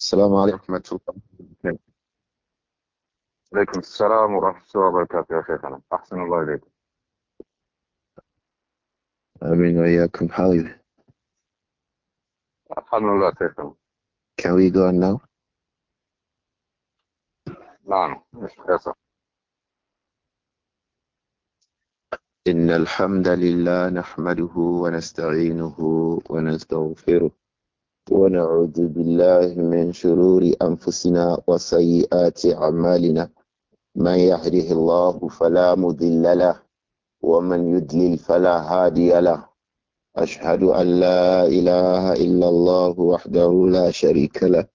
السلام عليكم ورحمة الله وبركاته عليكم السلام ورحمة الله وبركاته يا شيخنا أحسن الله إليكم آمين وإياكم حبيبي الحمد لله شيخنا Can we go on now? نعم yes, إن الحمد لله نحمده ونستعينه ونستغفره ونعوذ بالله من شرور أنفسنا وسيئات أعمالنا من يهده الله فلا مضل له ومن يُضْلِلْ فلا هادي له أشهد أن لا إله إلا الله وحده لا شريك له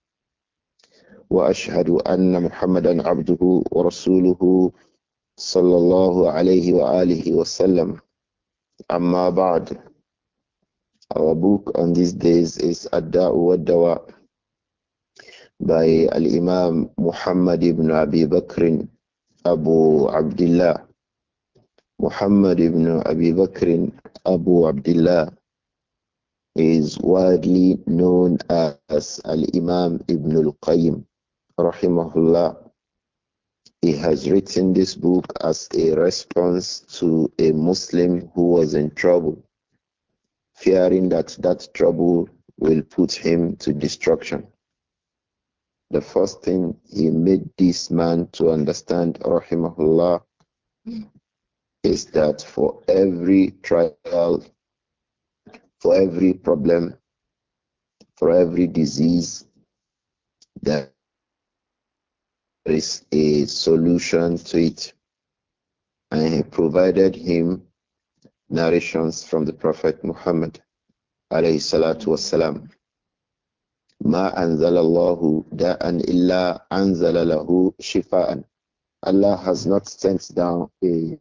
وأشهد أن محمدا عبده ورسوله صلى الله عليه وآله وسلم أما بعد our book on these days is Ad-Da'u wa Dawa by Al-Imam Muhammad ibn Abi Bakr Abu Abdullah. Muhammad ibn Abi Bakr Abu Abdullah is widely known as Al-Imam Ibn Al-Qayyim rahimahullah. He has written this book as a response to a Muslim who was in trouble fearing that that trouble will put him to destruction. The first thing he made this man to understand, rahimahullah, is that for every trial, for every problem, for every disease, there is a solution to it. And he provided him narrations from the Prophet Muhammad alayhi salatu wasalam. Ma anzala Allahu da'an illa anzala lahu shifa'an. Allah has not sent down a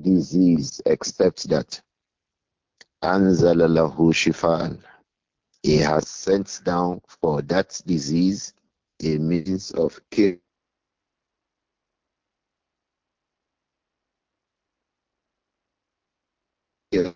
disease except that anzala lahu shifa'an. He has sent down for that disease a means of cure you.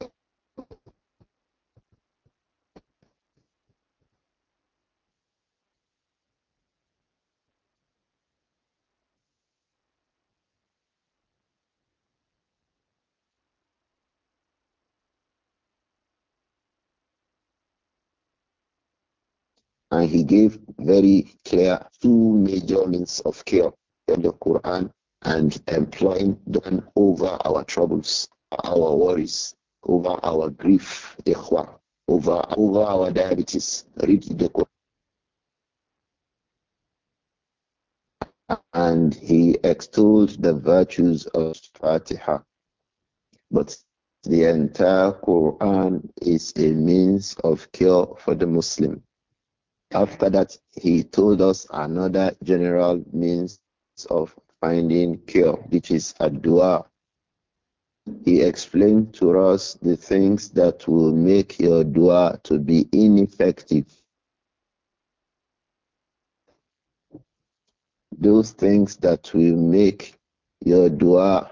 And he gave very clear two major means of care in the Quran and employing them over our troubles, our worries over our grief, over, over our diabetes. Read the Quran. And he extolled the virtues of Fatiha. But the entire Quran is a means of cure for the Muslim. After that, he told us another general means of finding cure, which is a dua. He explained to us the things that will make your dua to be ineffective. Those things that will make your dua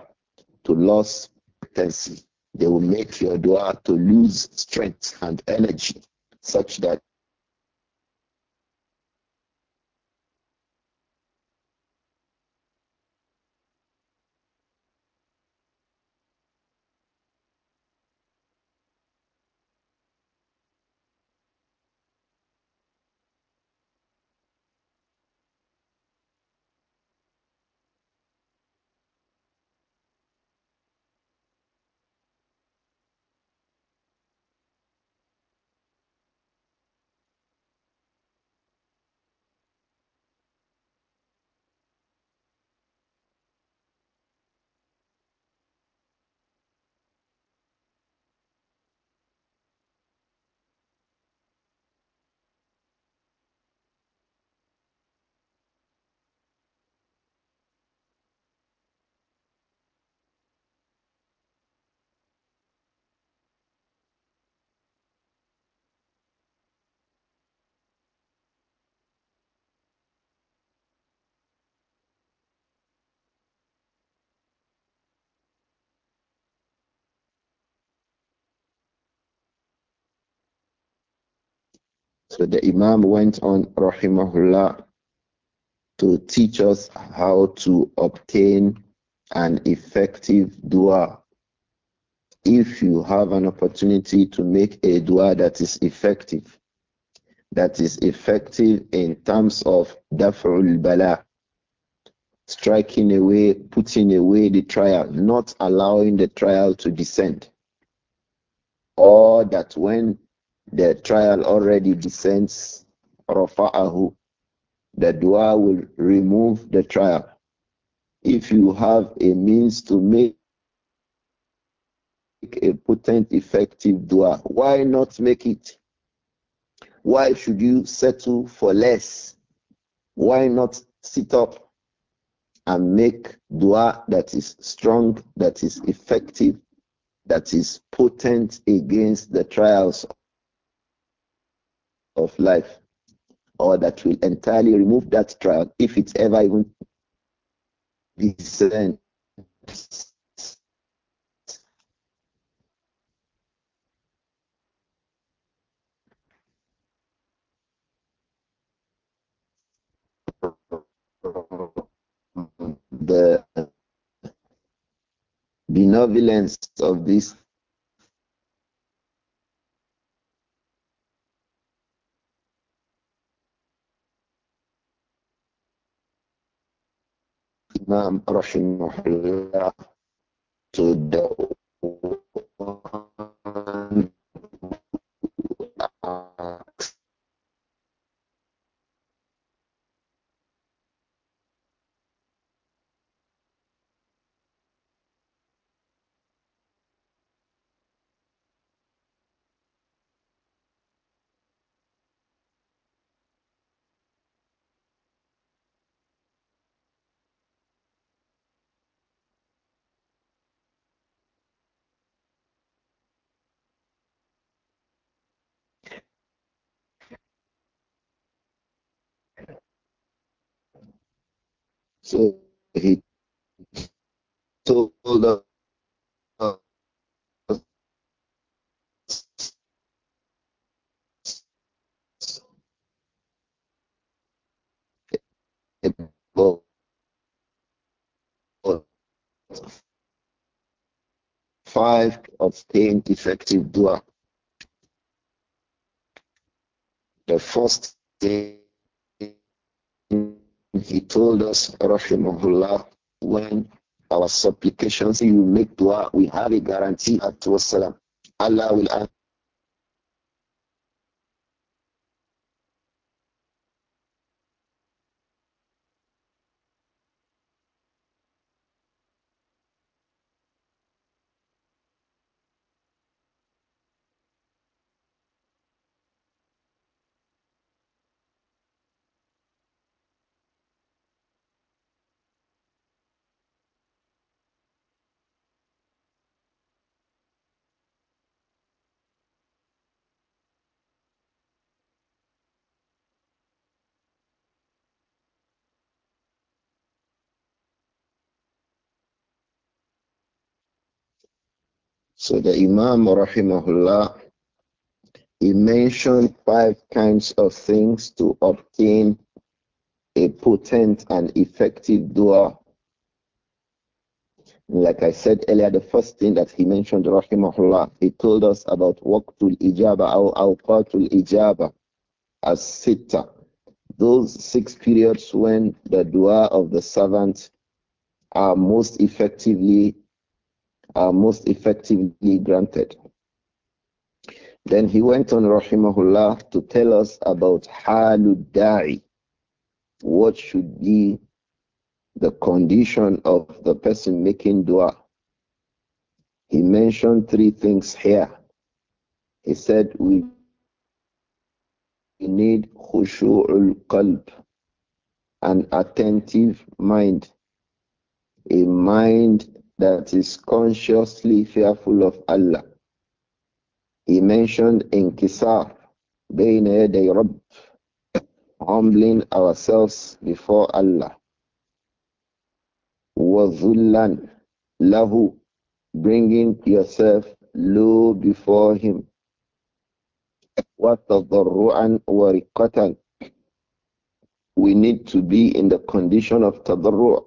to lose potency. They will make your dua to lose strength and energy such that So the Imam went on, rahimahullah, to teach us how to obtain an effective dua. If you have an opportunity to make a dua that is effective, that is effective in terms of daf'ul bala, striking away, putting away the trial, not allowing the trial to descend. Or that when the trial already descends, rafa'ahu, the dua will remove the trial. If you have a means to make a potent, effective dua, why not make it? Why should you settle for less? Why not sit up and make dua that is strong, that is effective, that is potent against the trials of life or that will entirely remove that trial if it's ever even discerned. The benevolence of this نعم رحمه الله تدعو So he told us about five ten effective blood. The first thing he told us, Rahimahullah, when our supplications, you make dua, we have a guarantee at Allah will So the Imam rahimahullah he mentioned five kinds of things to obtain a potent and effective dua. Like I said earlier, the first thing that he mentioned, rahimahullah, he told us about waqtul ijaba al awqatul ijaba as sitta. Those six periods when the dua of the servant are most effectively are most effectively granted. Then he went on, rahimahullah, to tell us about haludari. What should be the condition of the person making dua? He mentioned three things here. He said, We need khushu'ul qalb, an attentive mind, a mind that is consciously fearful of Allah. He mentioned in bayna yaday rabb, humbling ourselves before Allah. Wazulan lahu, bringing yourself low before Him. وتضرعا ورقة. We need to be in the condition of tadarru',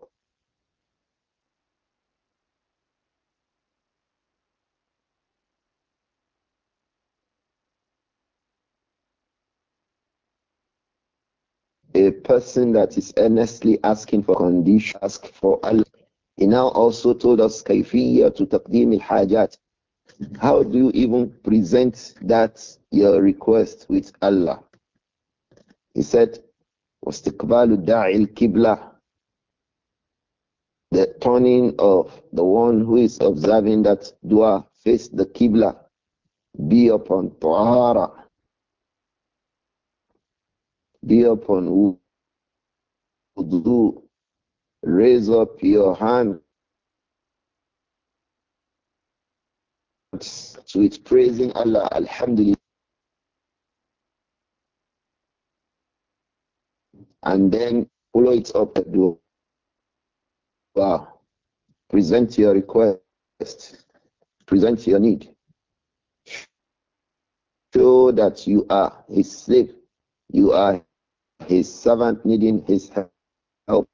person that is earnestly asking for condition, ask for Allah. He now also told us kayfiyya to taqdim al-hajat. How do you even present that your request with Allah? He said, واستقبال الداعي kibla, the turning of the one who is observing that dua face the kibla, be upon Tahara, be upon do, raise up your hand to it, praising Allah, Alhamdulillah. And then follow it up the door. Wow. Present your request. Present your need. Show that you are his slave. You are his servant needing his help. Oh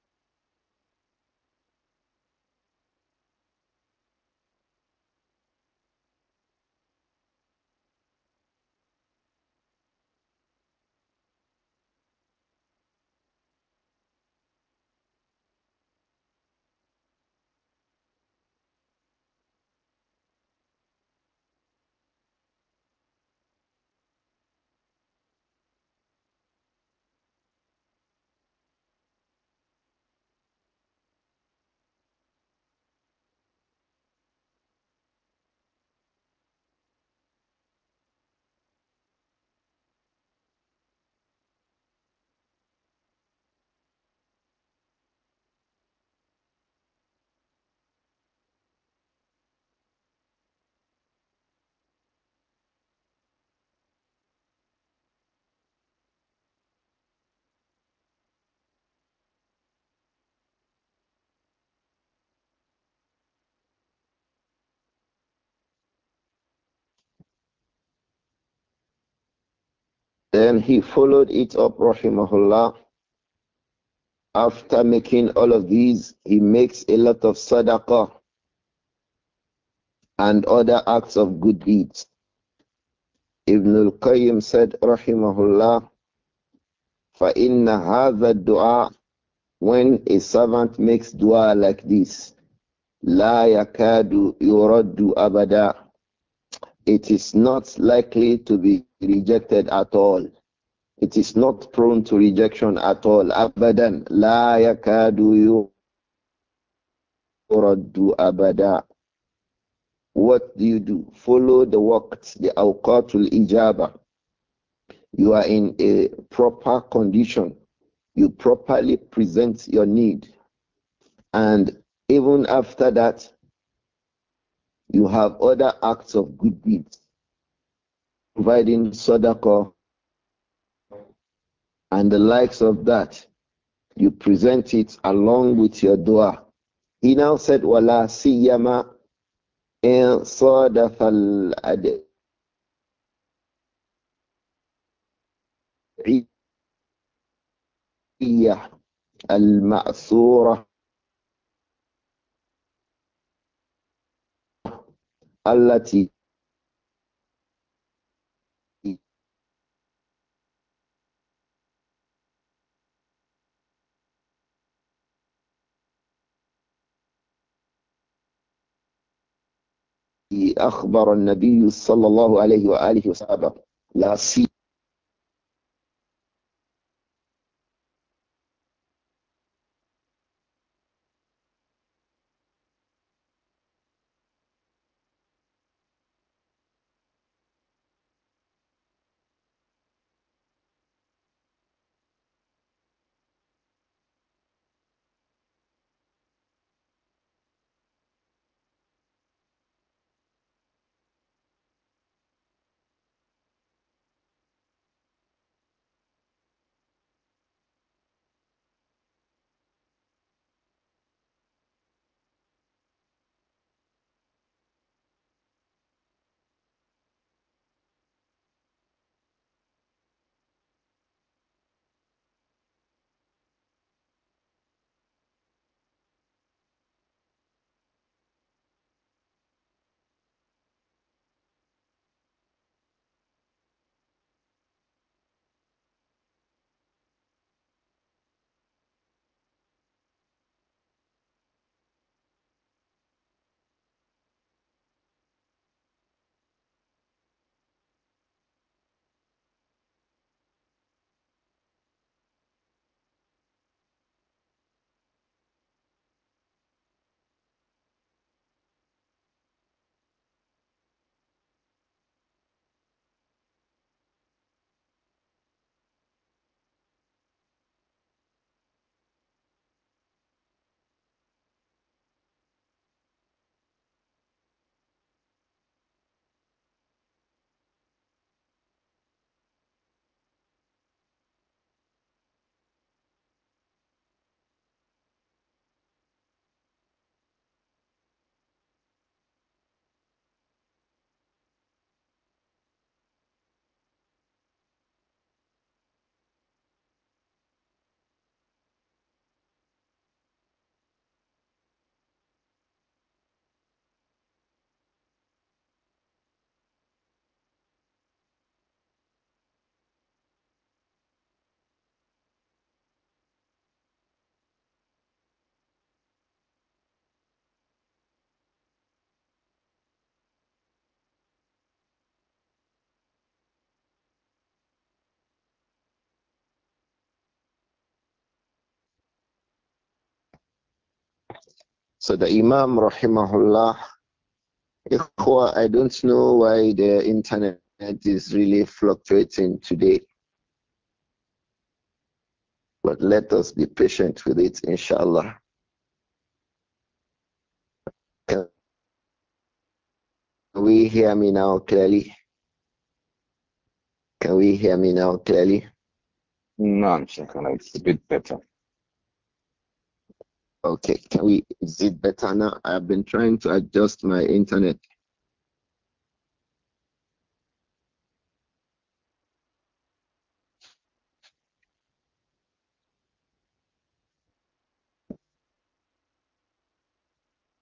Then he followed it up, rahimahullah. After making all of these, he makes a lot of sadaqah and other acts of good deeds. Ibn al-Qayyim said, rahimahullah, inna haza du'a When a servant makes dua like this, La yakadu يُرَدُّ abada, It is not likely to be rejected at all. It is not prone to rejection at all. Abadan. La yakadu yuraddu abada. What do you do? Follow the waqt, the awqatul ijaba. You are in a proper condition. You properly present your need. And even after that, you have other acts of good deeds providing sadaqah and the likes of that. You present it along with your dua. He now said, Wala siyama in sadafal adab. al المأثورة التي أخبر النبي صلى الله عليه وآله وسلم لا سي So the Imam Rahimahullah, I don't know why the internet is really fluctuating today. But let us be patient with it, inshallah. Can we hear me now clearly? Can we hear me now clearly? No, I'm checking. It's a bit better. Okay, can we? Is it better now? I've been trying to adjust my internet.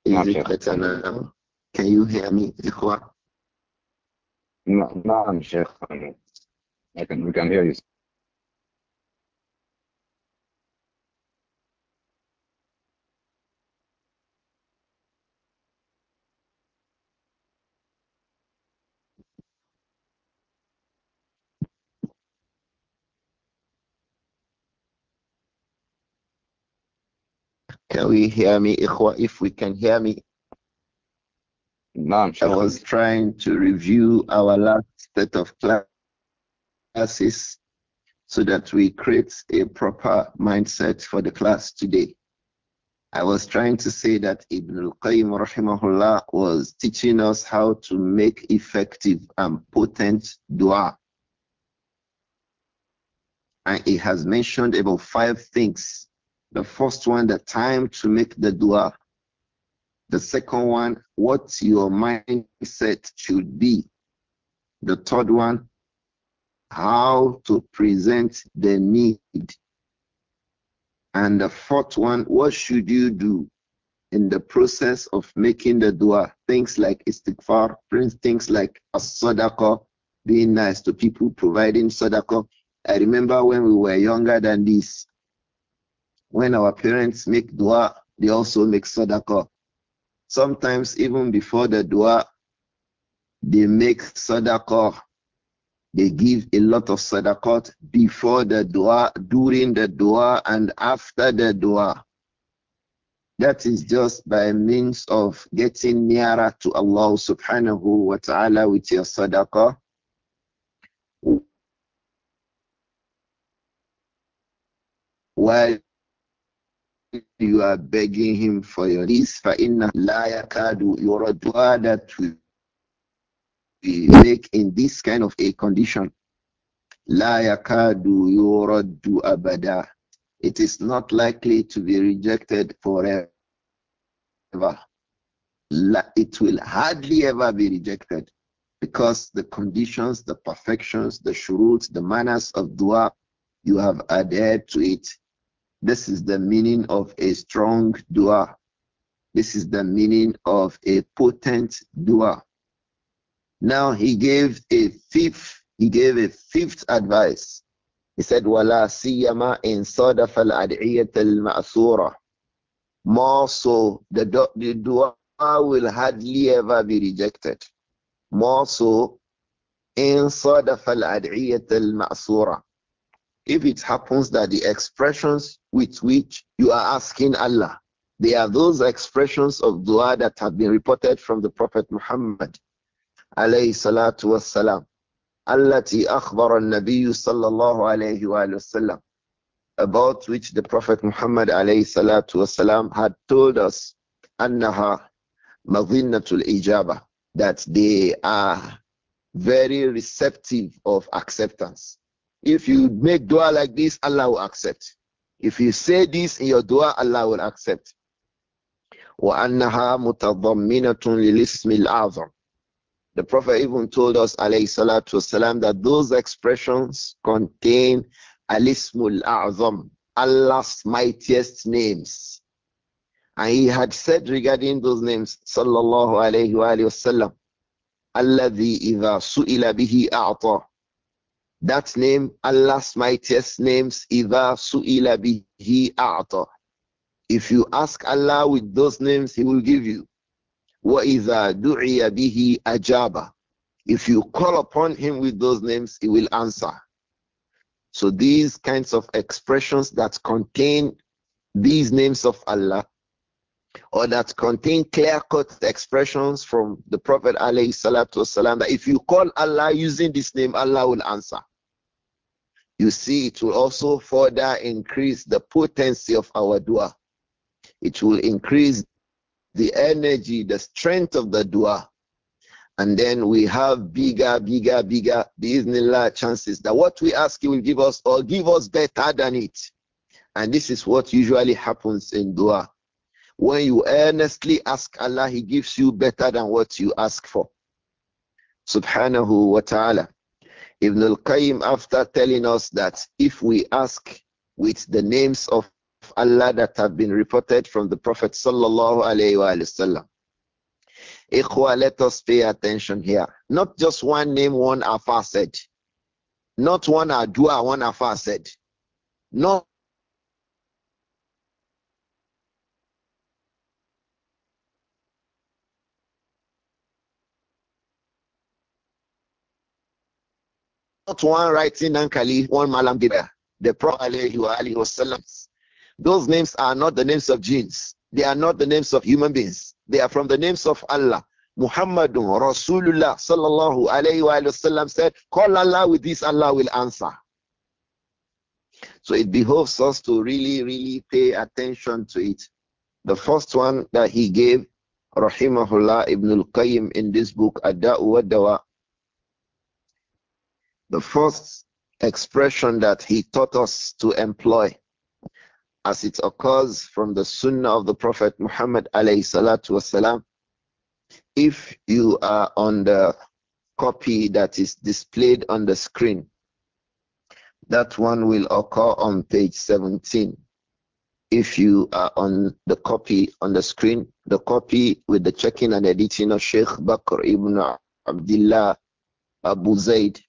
Is it better now? Can you hear me? No, no, I'm sure. I can, we can hear you. Can we hear me, Ikhwa? If we can hear me. I was trying to review our last set of classes so that we create a proper mindset for the class today. I was trying to say that Ibn al-Qayyim rahimahullah was teaching us how to make effective and potent dua. And he has mentioned about five things the first one, the time to make the dua. The second one, what your mindset should be. The third one, how to present the need. And the fourth one, what should you do in the process of making the dua? Things like istighfar, things like as-sadaqah, being nice to people, providing sadaqah. I remember when we were younger than this, when our parents make dua, they also make sadaqah. Sometimes even before the dua, they make sadaqah. They give a lot of sadaqah before the dua, during the dua, and after the dua. That is just by means of getting nearer to Allah subhanahu wa ta'ala with your sadaqah. While you are begging him for your this فَإِنَّ لَا يَكَادُ يُرَدُ that to make in this kind of a condition لَا يَكَادُ dua badah. It is not likely to be rejected forever. It will hardly ever be rejected because the conditions, the perfections, the shuruts, the manners of dua, you have adhered to it this is the meaning of a strong dua. This is the meaning of a potent dua. Now he gave a fifth, he gave a fifth advice. He said, Wala siyama in al ad'iyat al More so, the, the dua will hardly ever be rejected. More so, in al ad'iyat al if it happens that the expressions with which you are asking Allah, they are those expressions of dua that have been reported from the Prophet Muhammad alayhi salatu wassalam. التي أخبر النبي صلى الله عليه وآله وسلم about which the Prophet Muhammad alayhi salatu wasalam had told us أنها مظنة الإجابة that they are very receptive of acceptance if you make dua like this, Allah will accept. If you say this in your dua, Allah will accept. وأنها متضمنة للاسم الأعظم the Prophet even told us, alayhi salatu wasalam, that those expressions contain al A'zam, Allah's mightiest names. And he had said regarding those names, sallallahu alayhi wa sallam, Alladhi idha su'ila bihi a'ta, that name, Allah's mightiest names, Iva Su'ila bihi a'ta. If you ask Allah with those names, He will give you. وَإِذَا دُعِيَ بِهِ Ajaba. If you call upon Him with those names, He will answer. So these kinds of expressions that contain these names of Allah, or that contain clear-cut expressions from the Prophet والسلام, that if you call Allah using this name, Allah will answer. You see, it will also further increase the potency of our dua. It will increase the energy, the strength of the dua. And then we have bigger, bigger, bigger, biiznillah chances that what we ask He will give us or give us better than it. And this is what usually happens in dua when you earnestly ask Allah, He gives you better than what you ask for. Subhanahu wa ta'ala. Ibn al Qayyim, after telling us that if we ask with the names of Allah that have been reported from the Prophet sallallahu alayhi wa sallam, Ikhwa, let us pay attention here. Not just one name, one afar said. Not one adua, one afar said. Not not one writing Nankali, one Malam Dibra, the Prophet Salams. Those names are not the names of jinns. They are not the names of human beings. They are from the names of Allah. Muhammadun Rasulullah sallallahu alayhi wa sallam said, call Allah with this, Allah will answer. So it behoves us to really, really pay attention to it. The first one that he gave, Rahimahullah ibn al-Qayyim in this book, Adda'u wa Dawa, the first expression that he taught us to employ, as it occurs from the Sunnah of the Prophet Muhammad wasalam, if you are on the copy that is displayed on the screen, that one will occur on page 17. If you are on the copy on the screen, the copy with the checking and editing of Sheikh Bakr ibn Abdullah Abu Zaid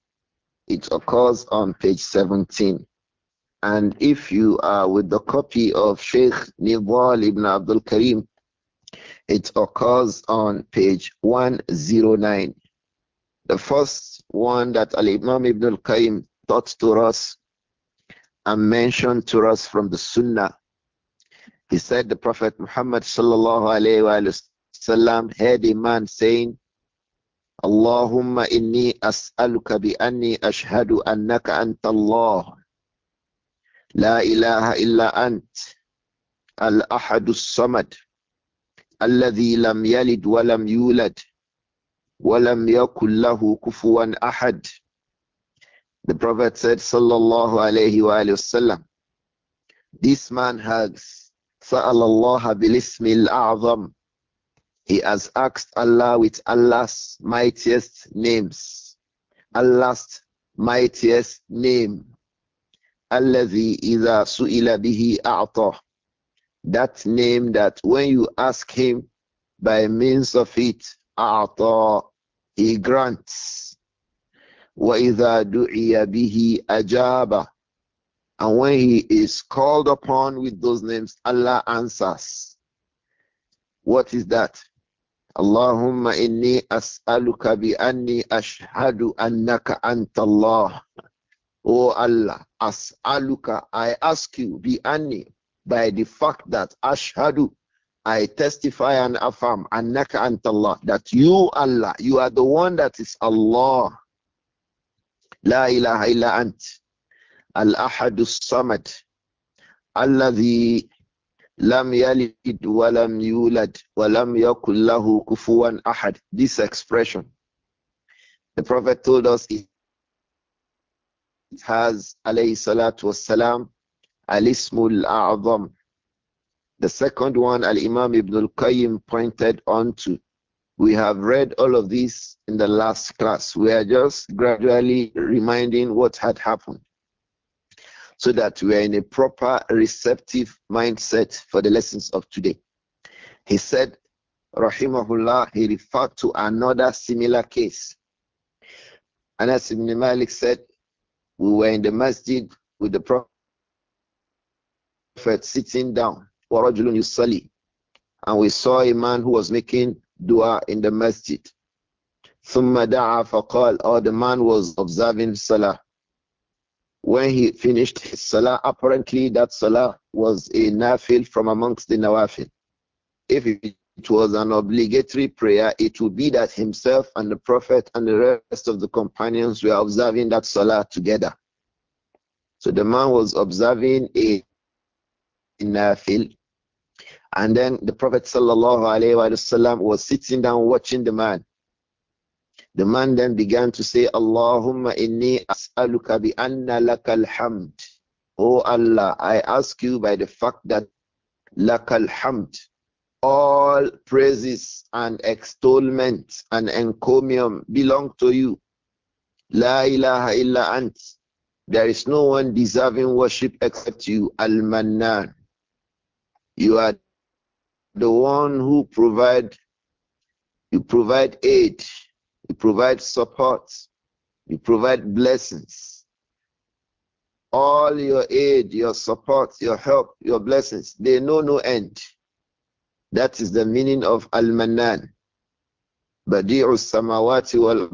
it occurs on page 17. And if you are with the copy of Sheikh Nidal ibn Abdul Karim, it occurs on page 109. The first one that Al Imam ibn al Karim taught to us and mentioned to us from the Sunnah. He said the Prophet Muhammad sallallahu alayhi wa sallam heard a man saying, اللهم إني أسألك بأني أشهد أنك أنت الله لا إله إلا أنت الأحد الصمد الذي لم يلد ولم يولد ولم يكن له كفوا أحد The Prophet said sallallahu alayhi wa sallam This man has سأل الله بالاسم الأعظم He has asked Allah with Allah's mightiest names. Allah's mightiest name. Allazi idha su'ila bihi a'ta. That name that when you ask him by means of it, a'ta, he grants. Wa idha du'iya bihi ajaba. And when he is called upon with those names, Allah answers. What is that? اللهم إني أسألك بأني أشهد أنك أنت الله O oh Allah, as'aluka, I ask you, be by the fact that ashhadu, I testify and affirm, annaka antallah, that you, Allah, you are the one that is Allah. La ilaha illa ant, al-ahadu samad, alladhi Lam yalid yulad kufuwan ahad. This expression, the Prophet told us it has alayhi salatu wassalam al-ismul a'zam. The second one Al-Imam Ibn al-Qayyim pointed onto. We have read all of this in the last class. We are just gradually reminding what had happened so that we are in a proper receptive mindset for the lessons of today. He said, Rahimahullah, he referred to another similar case. Anas ibn Malik said, We were in the masjid with the Prophet sitting down, and we saw a man who was making dua in the masjid. ثم دعا فقال or the man was observing salah when he finished his salah, apparently that salah was a nafil from amongst the nawafil. If it was an obligatory prayer, it would be that himself and the Prophet and the rest of the companions were observing that salah together. So the man was observing a, nafil, and then the Prophet sallallahu alaihi wasallam was sitting down watching the man. The man then began to say, Allahumma inni as'aluka bi anna lakal hamd. Oh Allah, I ask you by the fact that lakal hamd, all praises and extolment and encomium belong to you. La ilaha illa ant. There is no one deserving worship except you, Al-Mannan. You are the one who provide, you provide aid you provide support. You provide blessings. All your aid, your support, your help, your blessings, they know no end. That is the meaning of Al-Mannan. Badi'u samawati wal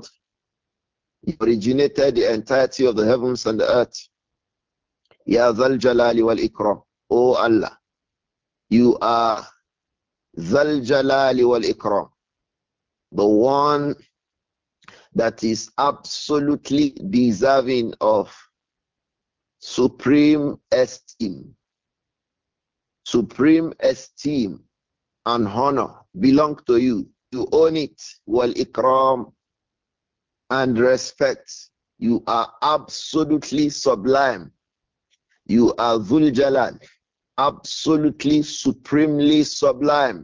He originated the entirety of the heavens and the earth. Ya Zal Jalali wal Ikram. O Allah, you are Zal Jalali wal Ikram. The one that is absolutely deserving of supreme esteem. Supreme esteem and honor belong to you. You own it. well, ikram and respect. You are absolutely sublime. You are Dhul absolutely supremely sublime.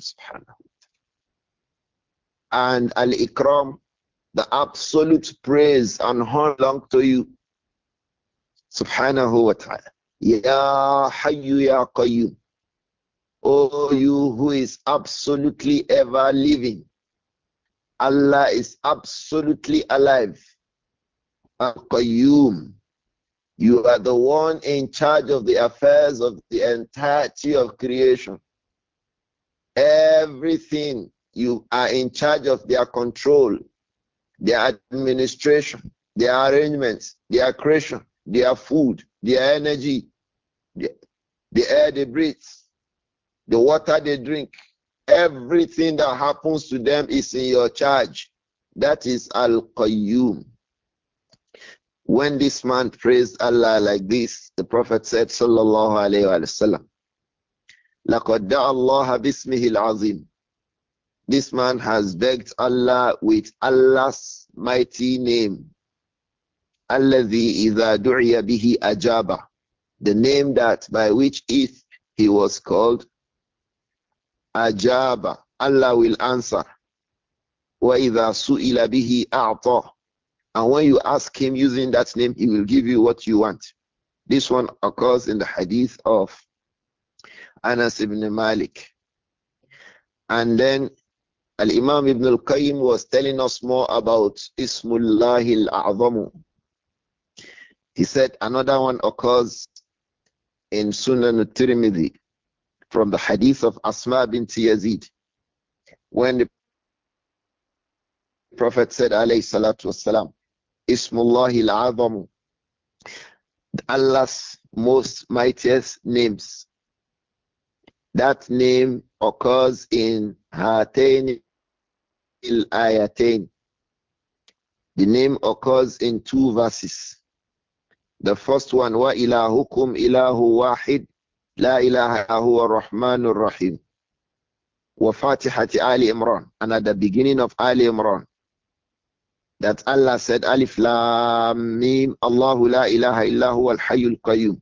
And Al Ikram the absolute praise and honor belong to you. Subhanahu wa ta'ala. Ya Hayyu Ya Qayyum. Oh, you who is absolutely ever living. Allah is absolutely alive. Al Qayyum. You are the one in charge of the affairs of the entirety of creation. Everything, you are in charge of their control their administration, their arrangements, their creation, their food, their energy, the, the air they breathe, the water they drink, everything that happens to them is in your charge. That is Al Qayyum. When this man praised Allah like this, the Prophet said, Sallallahu Alaihi Wasallam, لقد دعا الله باسمه العظيم this man has begged Allah with Allah's mighty name. Alladhi idha du'iya bihi ajaba. The name that by which if he was called ajaba. Allah will answer. Wa idha su'ila bihi a'ta. And when you ask him using that name, he will give you what you want. This one occurs in the hadith of Anas ibn Malik. And then Al Imam Ibn Al Qayyim was telling us more about Ismullah Al A'zamu. He said another one occurs in Sunan Al-Tirmidhi from the hadith of Asma bint Yazid when the Prophet said alayhi salatu wasalam Ismullah Al-A'zamu Allah's most mightiest names. That name occurs in Hatayni fil ayatain. The name occurs in two verses. The first one, wa ilahukum ilahu wahid, la ilaha huwa rahmanur rahim. Wa fatihati Ali Imran. And at the beginning of Ali Imran, that Allah said, Alif Lam Mim, Allahu la ilaha illahu al hayyul qayyum.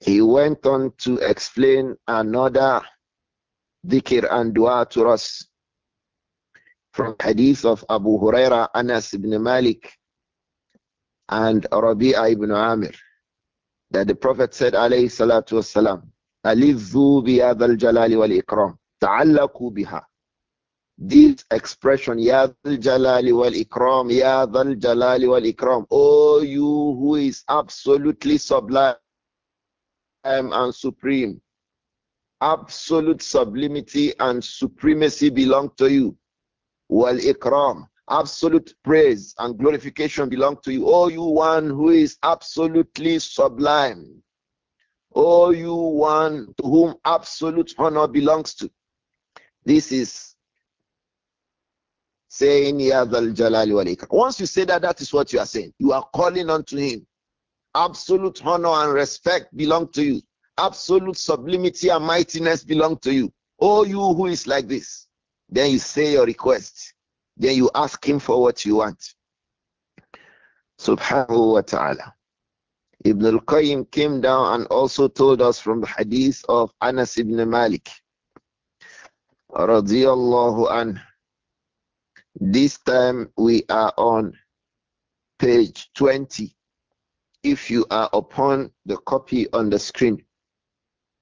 He went on to explain another dhikr and dua to us. From hadith of Abu Huraira, Anas ibn Malik, and Rabi'a ibn Amir, that the Prophet said, alayhi salatu wasalam, Alizu biyad al-jalali wal-ikram, ta'allaku biha. This expression, ya al-jalali wal-ikram, ya al-jalali wal-ikram, "O you who is absolutely sublime and supreme, Absolute sublimity and supremacy belong to you. while ikram. Absolute praise and glorification belong to you. All oh, you one who is absolutely sublime. all oh, you one to whom absolute honor belongs to. This is saying Yazal Jalali Walika. Once you say that, that is what you are saying. You are calling unto him. Absolute honor and respect belong to you. Absolute sublimity and mightiness belong to you. Oh, you who is like this. Then you say your request. Then you ask him for what you want. Subhanahu wa ta'ala. Ibn al-Qayyim came down and also told us from the hadith of Anas ibn Malik. Radiallahu anhu. This time we are on page 20. If you are upon the copy on the screen,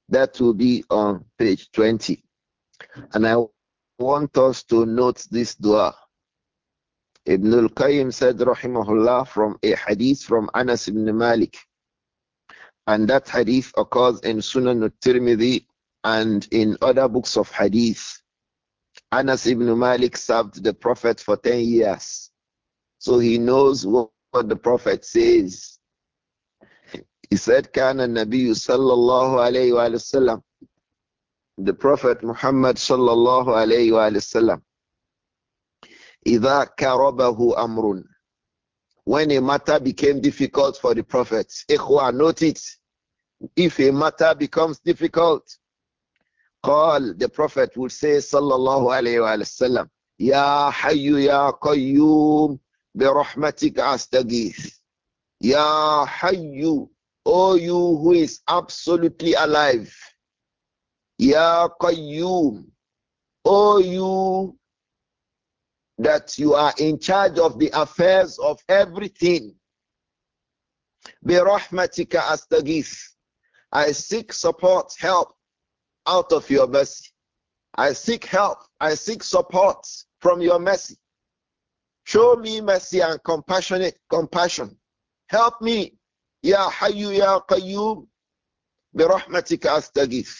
that will be on page 20. And I want us to note this dua. Ibn al-Qayyim said, rahimahullah, from a hadith from Anas ibn Malik. And that hadith occurs in Sunan al-Tirmidhi and in other books of hadith. Anas ibn Malik served the Prophet for 10 years. So he knows what, what the Prophet says He said, كان النبي صلى الله عليه وسلم The Prophet Muhammad صلى الله عليه وسلم إذا كربه أمر When a matter became difficult for the Prophet, إخوة, نوتيت, If a matter becomes difficult, قال the Prophet will say صلى الله عليه وآله وسلم يا حي يا قيوم برحمتك أستغيث يا حي O oh, you who is absolutely alive. Ya Qayyum. O oh, you that you are in charge of the affairs of everything. Birahmatika astaghith. I seek support, help out of your mercy. I seek help, I seek support from your mercy. Show me mercy and compassionate compassion. Help me Ya Hayyu Ya Qayyum, برحمتك أستغيث.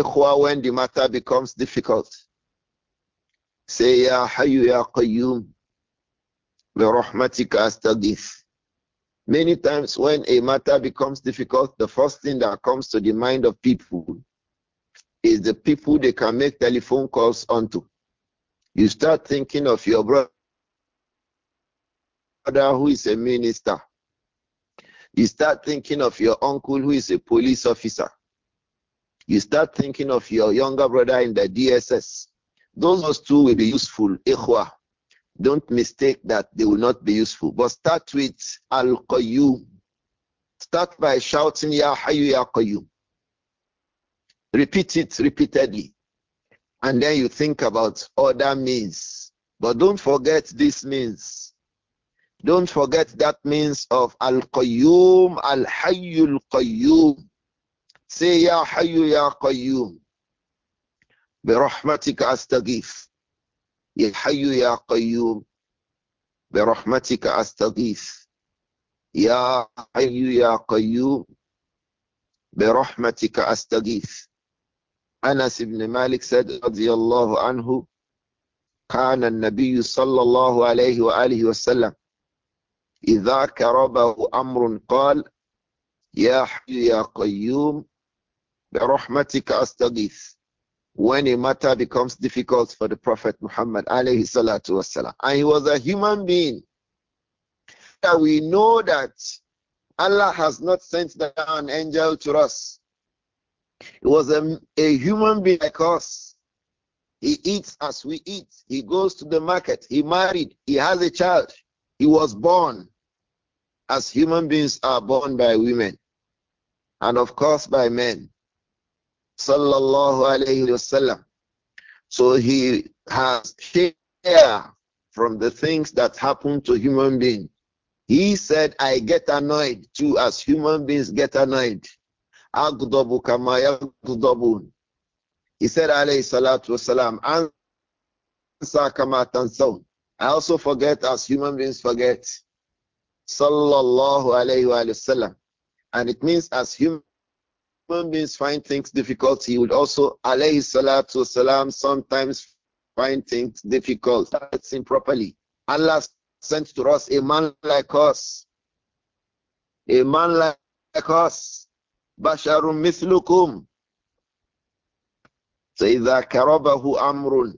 Ikhwa, when the matter becomes difficult, say Ya Hayyu Ya Qayyum, برحمتك أستغيث. Many times when a matter becomes difficult, the first thing that comes to the mind of people is the people they can make telephone calls onto. You start thinking of your brother who is a minister. You start thinking of your uncle who is a police officer. You start thinking of your younger brother in the DSS. Those two will be useful. Ikhwa. Don't mistake that they will not be useful. But start with Al Qayyum. Start by shouting Ya hayu Ya Qayyum. Repeat it repeatedly. And then you think about other means. But don't forget this means. Don't forget that means of Al Qayyum, Al Hayyul Qayyum. Say Ya Hayyu Ya Qayyum. Bi rahmatika astagif. Ya Hayyu Ya Qayyum. Bi rahmatika astagif. Ya Hayyu Ya Qayyum. Bi rahmatika astagif. Anas ibn Malik said, radiyallahu anhu, kana an-nabiyyu sallallahu alayhi wa alihi wa sallam, إذا كربه أمر قال يا حي يا قيوم برحمتك أستغيث when a matter becomes difficult for the Prophet Muhammad alayhi salatu wasalam. And he was a human being. That we know that Allah has not sent down an angel to us. He was a, a human being like us. He eats as we eat. He goes to the market. He married. He has a child. He was born as human beings are born by women and of course by men. Sallallahu alaihi wasallam. So he has share from the things that happen to human beings. He said, I get annoyed too, as human beings get annoyed. Agdabu kama yagdabun. He said, alayhi salatu wasalam, answer kama tansaun. I also forget as human beings forget. Sallallahu alayhi wa sallam. And it means as human beings find things difficult, he would also, alayhi salatu salam, sometimes find things difficult. That's improperly. Allah sent to us a man like us. A man like us. Basharun mithlukum. amrul, كربه أمر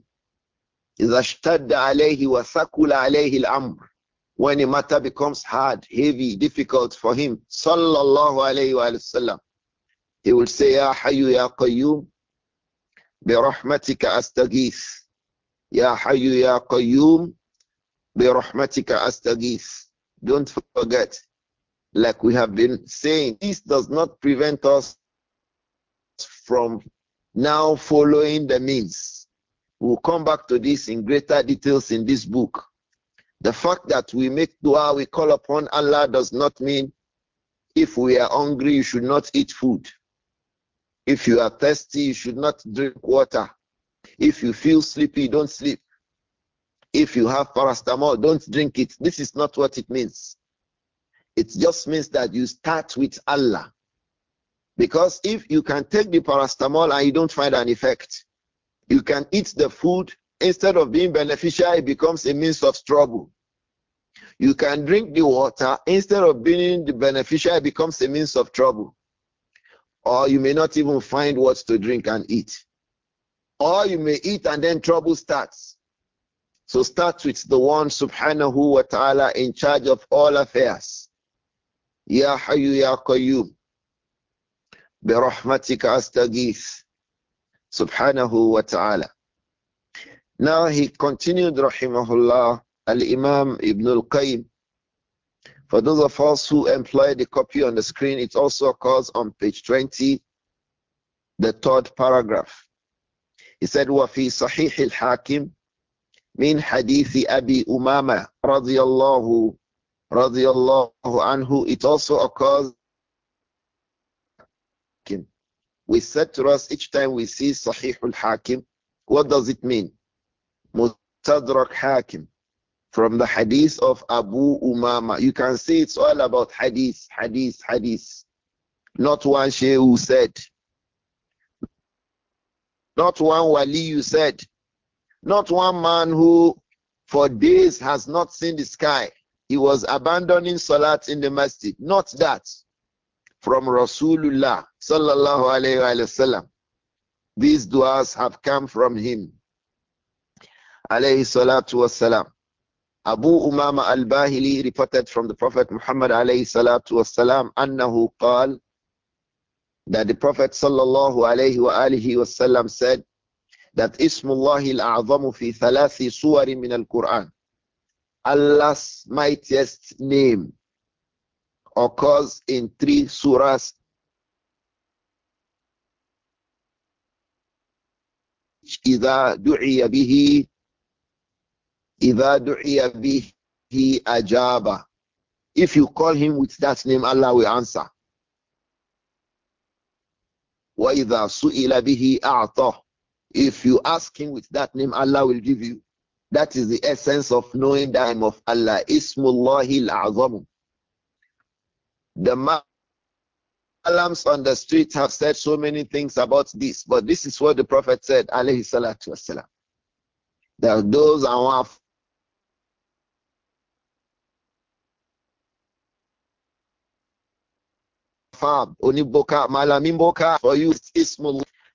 إذا اشتد عليه وثقل عليه الأمر when a matter becomes hard, heavy, difficult for him, sallallahu alayhi wa sallam, he will say, Ya Hayyu Ya Qayyum, bi rahmatika astagith. Ya Hayyu Ya Qayyum, bi rahmatika astagith. Don't forget, like we have been saying, this does not prevent us from now following the means. We'll come back to this in greater details in this book. The fact that we make dua, we call upon Allah does not mean if we are hungry, you should not eat food. If you are thirsty, you should not drink water. If you feel sleepy, don't sleep. If you have paracetamol, don't drink it. This is not what it means. It just means that you start with Allah. Because if you can take the paracetamol and you don't find an effect, you can eat the food, instead of being beneficial, it becomes a means of trouble. You can drink the water instead of being the beneficiary, becomes a means of trouble. Or you may not even find what to drink and eat. Or you may eat and then trouble starts. So start with the one subhanahu wa ta'ala in charge of all affairs. Ya Hayu Ya Qayyum. برحمتك Subhanahu wa Taala. Now he continued, Rahimahullah, Al-Imam Ibn al-Qayyim. For those of us who employ the copy on the screen, it also occurs on page 20, the third paragraph. He said, وَفِي صَحِيحِ الْحَاكِمِ مِنْ حَدِيثِ أَبِي أُمَامَةَ رَضِيَ اللَّهُ رضي الله عنه it also occurs we said to us each time we see Sahih al-Hakim what does it mean Mustadrak Hakim from the hadith of Abu Umama, you can see it's all about hadith, hadith, hadith. Not one Shaykh who said, not one Wali you said, not one man who for days has not seen the sky. He was abandoning Salat in the masjid. Not that. From Rasulullah sallallahu alayhi wa, sallam. These du'as have come from him. Alayhi salatu wassalam. Abu Umama al-Bahili reported from the Prophet Muhammad alayhi salatu wasalam annahu qal that the Prophet sallallahu alayhi wa alihi wasallam said that Ismullahi al-A'zamu fi thalathi suwari min al-Qur'an Allah's mightiest name occurs in three surahs إذا دعي به if you call him with that name, Allah will answer. وَإِذَا سُئِلَ بِهِ If you ask him with that name, Allah will give you. That is the essence of knowing the name of Allah. Ismullahil Azam. The Muslims on the street have said so many things about this, but this is what the Prophet said, alayhi salatu wasalam. That those are Fab, Oniboka, Malamimboka for you,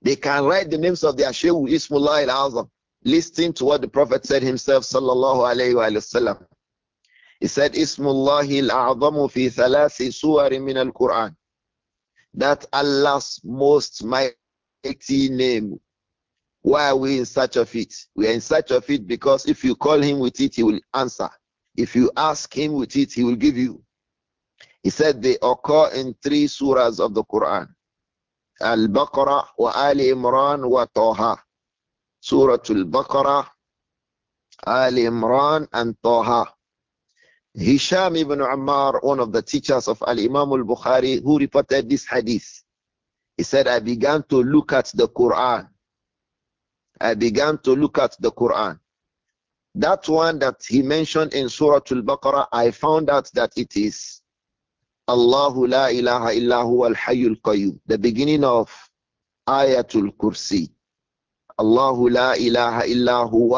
They can write the names of their Shehu, Ismullah al Azam. Listening to what the Prophet said himself, sallallahu alayhi wa sallam. He said, Ismullahi al-A'zamu fi thalasi suwari min al-Qur'an. That Allah's most mighty name. Why are we in search of it? We are in search of it because if you call him with it, he will answer. If you ask him with it, he will give you. He said they occur in three surahs of the Quran. Al-Baqarah wa Ali Imran wa Taha. Surah Al-Baqarah, Ali Imran and Taha. Hisham ibn Ammar, one of the teachers of Al-Imam al-Bukhari, who reported this hadith, he said, I began to look at the Quran. I began to look at the Quran. That one that he mentioned in Surah Al-Baqarah, I found out that it is Allahu la ilaha illahu al hayyul qayyum. The beginning of Ayatul Kursi. Allahu la ilaha illahu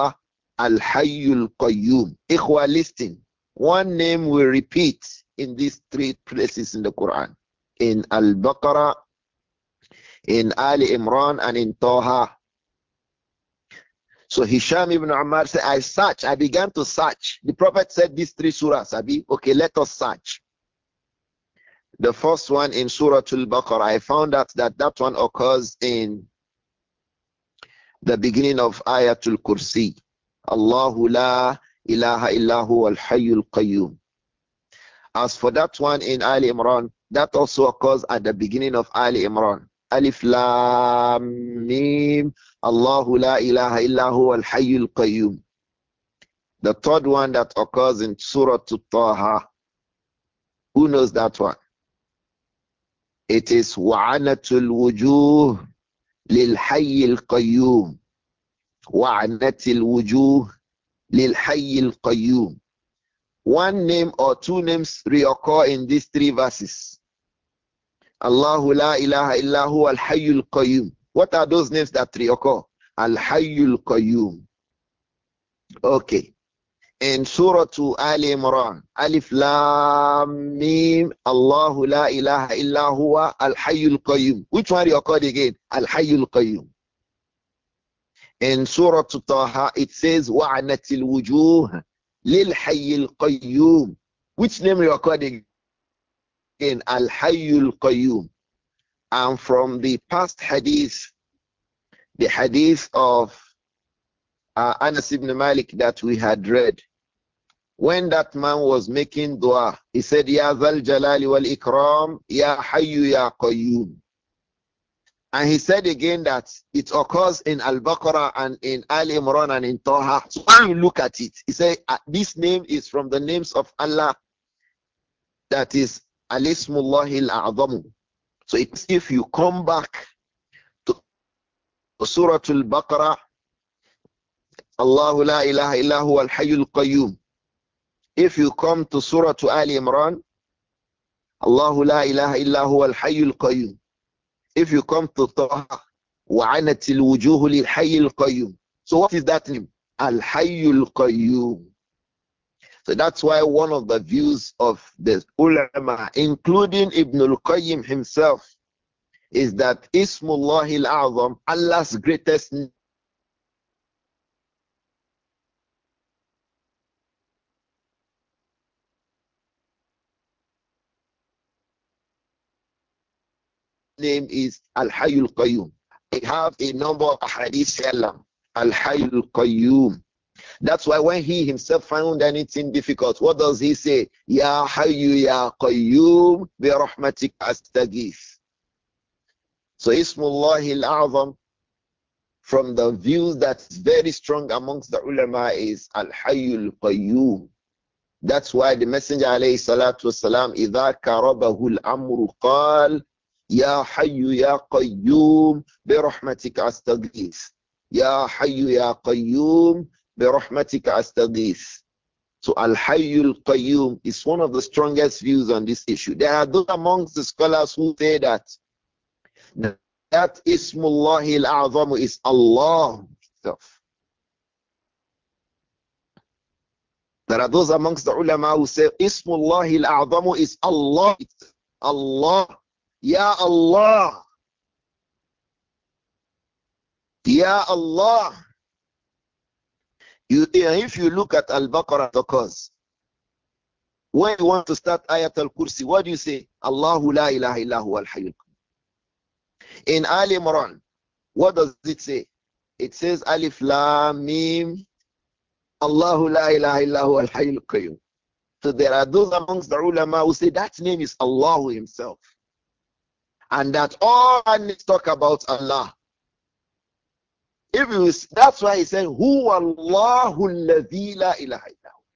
al hayyul qayyum. Ikhwa listing. One name we repeat in these three places in the Quran. In Al-Baqarah, in Ali Imran, and in Toha. So Hisham ibn Ammar said, I search, I began to search. The Prophet said these three surahs, Abi, okay, let us search. The first one in Surah Al-Baqarah, I found out that that one occurs in the beginning of Ayatul Kursi. Allahu la ilaha illahu al-hayyul qayyum. As for that one in Ali Imran, that also occurs at the beginning of Ali Imran. Alif Lam Mim Allahu la ilaha illahu al hayyul qayyum. The third one that occurs in Surah Taha. Who knows that one? It is wa'anatul wujuh lil hayyil qayyum. Wa'anatil wujuh lil hayyil qayyum. One name or two names reoccur in these three verses. Allahu la ilaha illahu al hayyul qayyum. What are those names that reoccur? Al hayyul qayyum. Okay in Surah to Ali Imran. Alif Lam Mim Allahu La ilaha illa huwa Al Hayyul Qayyum. Which one you calling again? Al Hayyul Qayyum. In Surah to Taha it says Wa Anatil Wujuh Lil Hayyul Qayyum. Which name you calling again? Al Hayyul Qayyum. And from the past hadith, the hadith of uh, Anas ibn Malik that we had read. When that man was making dua, he said, Ya Zal Jalali wal Ikram, Ya Hayyu Ya Qayyum. And he said again that it occurs in Al Baqarah and in Al Imran and in Taha. So when you look at it, he said, uh, This name is from the names of Allah that is Alismullahil A'zamu. So it's if you come back to Surah Al Baqarah Allah la ilaha illa huwa al-hayyul qayyum. If you come to Surah to Al Imran, Allah la ilaha illa huwa al-hayyul qayyum. If you come to Taha, وعنت الوجوه للحي القيوم. So what is that name? Al-hayyul qayyum. So that's why one of the views of the ulama, including Ibn al-Qayyim himself, is that Ismullah al-Azam, Allah's greatest name is Al Hayul Qayyum. I have a number of hadith salam, Al Hayul Qayyum. That's why when he himself found anything difficult, what does he say? Ya Hayyu Ya Qayyum bi rahmatik astaghith. So Ismullah al Azam, from the views that's very strong amongst the ulama, is Al Hayul Qayyum. That's why the Messenger alayhi salatu wasalam, إِذَا كَرَبَهُ الْأَمْرُ قَالَ يا حي Ya Qayyum برحمتك أستغيث يا حي Ya Qayyum برحمتك أستغيث So Al Hayyul Qayyum is one of the strongest views on this issue. There are those amongst the scholars who say that that Ismullah Al A'zamu is Allah Himself. There are those amongst the ulama who say Ismullah Al A'zamu is Allah. Allah Ya Allah. Ya Allah. You, if you look at Al-Baqarah, the cause, when you want to start Ayat al-Kursi, what do you say? Allahu la ilaha illahu al-hayyul. In Ali Imran, what does it say? It says Alif Lam Mim Allahu la ilaha illahu al-hayyul qayyum. So there are those amongst the ulama who say that name is Allah himself and that all needs talk about Allah. If you, that's why he said, "Who Allahu la ilaha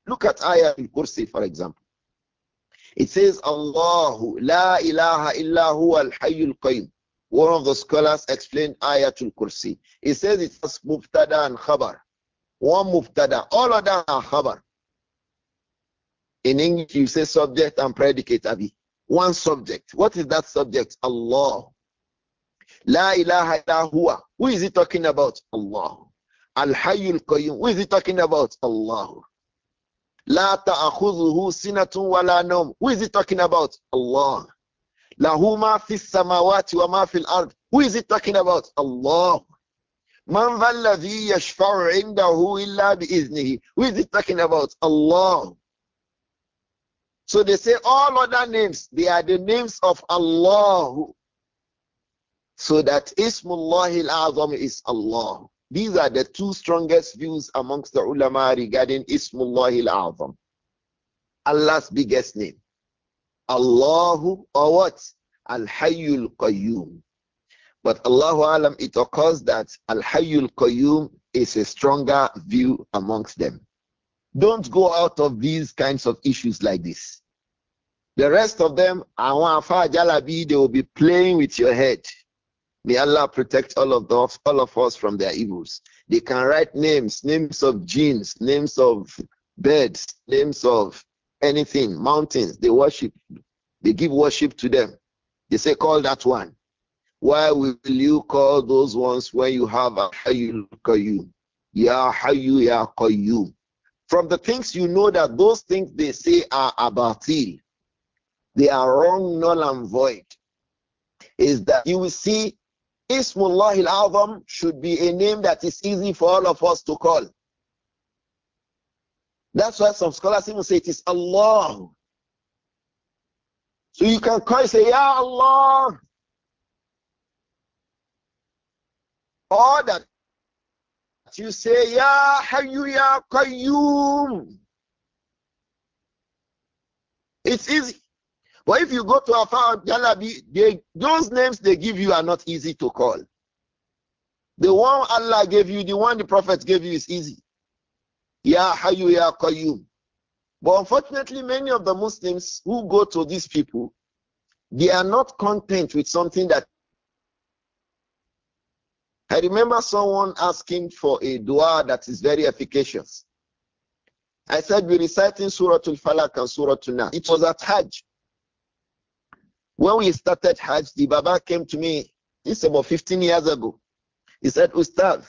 Look at Ayah al-Kursi, for example. It says, "Allahu la ilaha illa huwa al-hayyul qayyum." One of the scholars explained Ayatul Kursi. He says it has muftada and khabar. One muftada, all of them are khabar. In English, you say subject and predicate, Abi one subject. What is that subject? Allah. La ilaha illa Who is he talking about? Allah. Al Hayyul Qayyum. Who is he talking about? Allah. La ta'khudhuhu sinatun wa la nawm. Who is he talking about? Allah. Lahu ma fis samawati wa ma fil ard. Who is he talking about? Allah. Man dha alladhi yashfa'u 'indahu illa bi idnihi. Who is he talking about? Allah. So they say all other names, they are the names of Allah. So that Ismullah al-Azam is Allah. These are the two strongest views amongst the ulama regarding Ismullah al-Azam. Allah's biggest name. Allahu or what? Al-Hayyul Qayyum. But Allahu Alam, it occurs that Al-Hayyul Qayyum is a stronger view amongst them. Don't go out of these kinds of issues like this. The rest of them, Awanfa Jalabi, they will be playing with your head. May Allah protect all of all of us from their evils. They can write names, names of genes, names of birds, names of anything, mountains. They worship, they give worship to them. They say, call that one. Why will you call those ones when you have a Hayyul Qayyum? Ya Hayyu Ya you. From the things you know that those things they say are abatil, they are wrong, null, and void, is that you will see Ismullah al Azam should be a name that is easy for all of us to call. That's why some scholars even say it is Allah. So you can call and say, Ya Allah. Or that you say, Ya Hayu Ya Qayyum. It's easy. But if you go to Afar Jalabi, they, those names they give you are not easy to call. The one Allah gave you, the one the Prophet gave you is easy. Ya Hayu Ya Qayyum. But unfortunately, many of the Muslims who go to these people, they are not content with something that I remember someone asking for a dua that is very efficacious. I said, we're reciting Surah Al-Falaq and Surah Al-Nas. It was at Hajj. When we started Hajj, the Baba came to me, this is about 15 years ago. He said, Ustaz,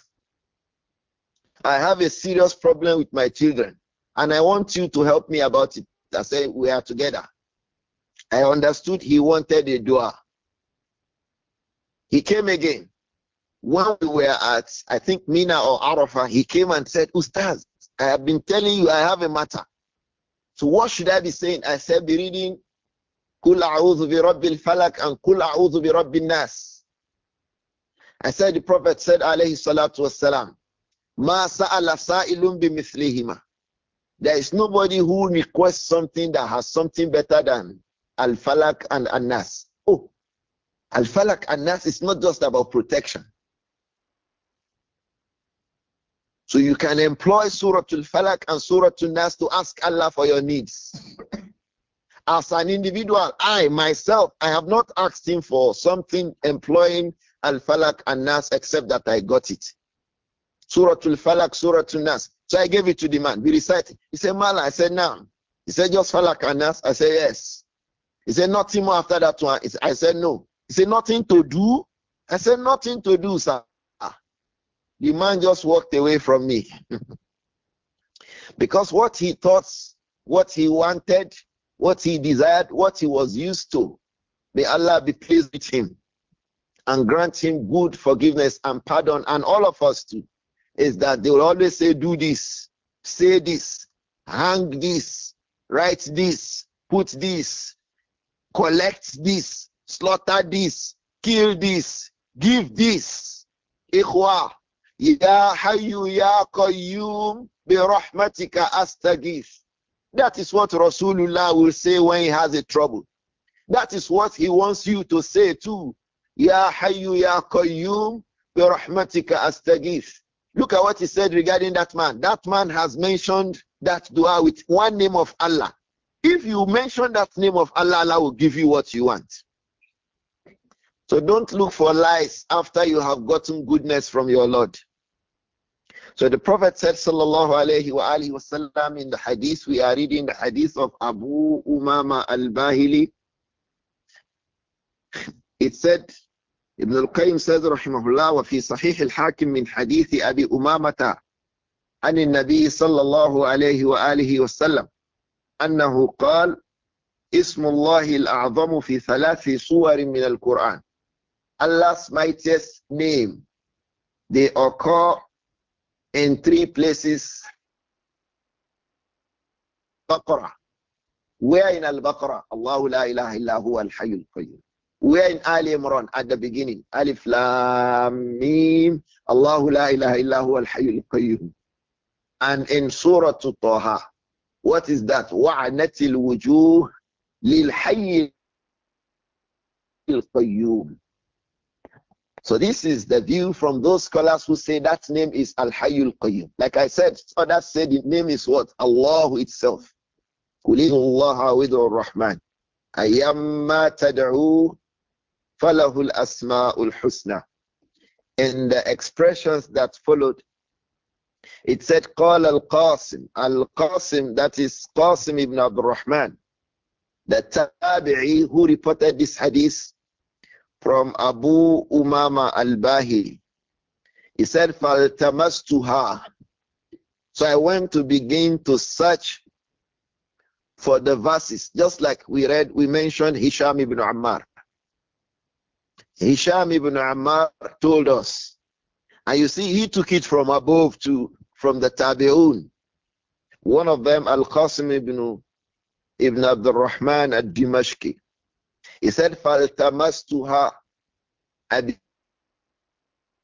I have a serious problem with my children, and I want you to help me about it. I said, we are together. I understood he wanted a dua. He came again. When we were at, I think, Mina or Arafah, he came and said, Ustaz, I have been telling you I have a matter. So what should I be saying? I said, be reading Kul a'udhu bi rabbil falak and Kul a'udhu bi rabbil nas. I said, the Prophet said, alayhi salatu salam, ma sa'ala sa'ilun bi mithlihima. There is nobody who requests something that has something better than al falak and an nas. Oh, al falak and nas is not just about protection. So you can employ Surah Al-Falaq and Surah Al-Nas to ask Allah for your needs. As an individual, I myself, I have not asked Him for something employing Al-Falaq and Nas except that I got it. Surah Al-Falaq, Surah Al-Nas. So I gave it to the man. We recited. He said, Mala. I said, "No." He said, Just Falak and Nas. I said, Yes. He said, Nothing more after that one. I said, No. He said, Nothing to do. I said, Nothing to do, sir. The man just walked away from me. because what he thought, what he wanted, what he desired, what he was used to, may Allah be pleased with him and grant him good forgiveness and pardon, and all of us too, is that they will always say, Do this, say this, hang this, write this, put this, collect this, slaughter this, kill this, give this. Ikhwa, Ya Hayyu Ya Qayyum bi rahmatika astaghith. That is what Rasulullah will say when he has a trouble. That is what he wants you to say too. Ya Hayyu Ya Qayyum bi rahmatika astaghith. Look at what he said regarding that man. That man has mentioned that dua with one name of Allah. If you mention that name of Allah, Allah will give you what you want. So don't look for lies after you have gotten goodness from your Lord. So the Prophet said, Sallallahu Alaihi wa Wasallam, in the hadith, we are reading the hadith of Abu Umama al Bahili. It said, Ibn al Qayyim says, Rahimahullah, وفي صحيح الحاكم من حديث أبي أمامة عن النبي صلى الله عليه وآله وسلم أنه قال اسم الله الأعظم في ثلاث صور من القرآن Allah's mightiest name they occur in three places. Baqarah. Where in Al-Baqarah? Allahu la ilaha illa huwa al-hayyul qayyum. Where in Ali Imran at the beginning? Alif Lam Mim. Allahu la ilaha illa huwa al-hayyul qayyum. And in Surah Taha, what is that? وَعَنَتِ الْوُجُوهِ لِلْحَيِّ qayyum so this is the view from those scholars who say that name is Al Hayyul Qayyum. Like I said, others say the name is what? Allah itself. Rahman. Ayamma tad'u falahul asma'ul husna. In the expressions that followed, it said قال القاسم القاسم that is Qasim ibn Abdul Rahman the Tabi'i who reported this hadith from Abu Umama al-Bahili. He said, فَالْتَمَسْتُهَا So I went to begin to search for the verses, just like we read, we mentioned Hisham ibn Ammar. Hisham ibn Ammar told us, and you see, he took it from above to from the Tabi'un. One of them, Al Qasim ibn, ibn Abdul Rahman al Dimashqi. He said, فَالْتَمَسْتُهَا I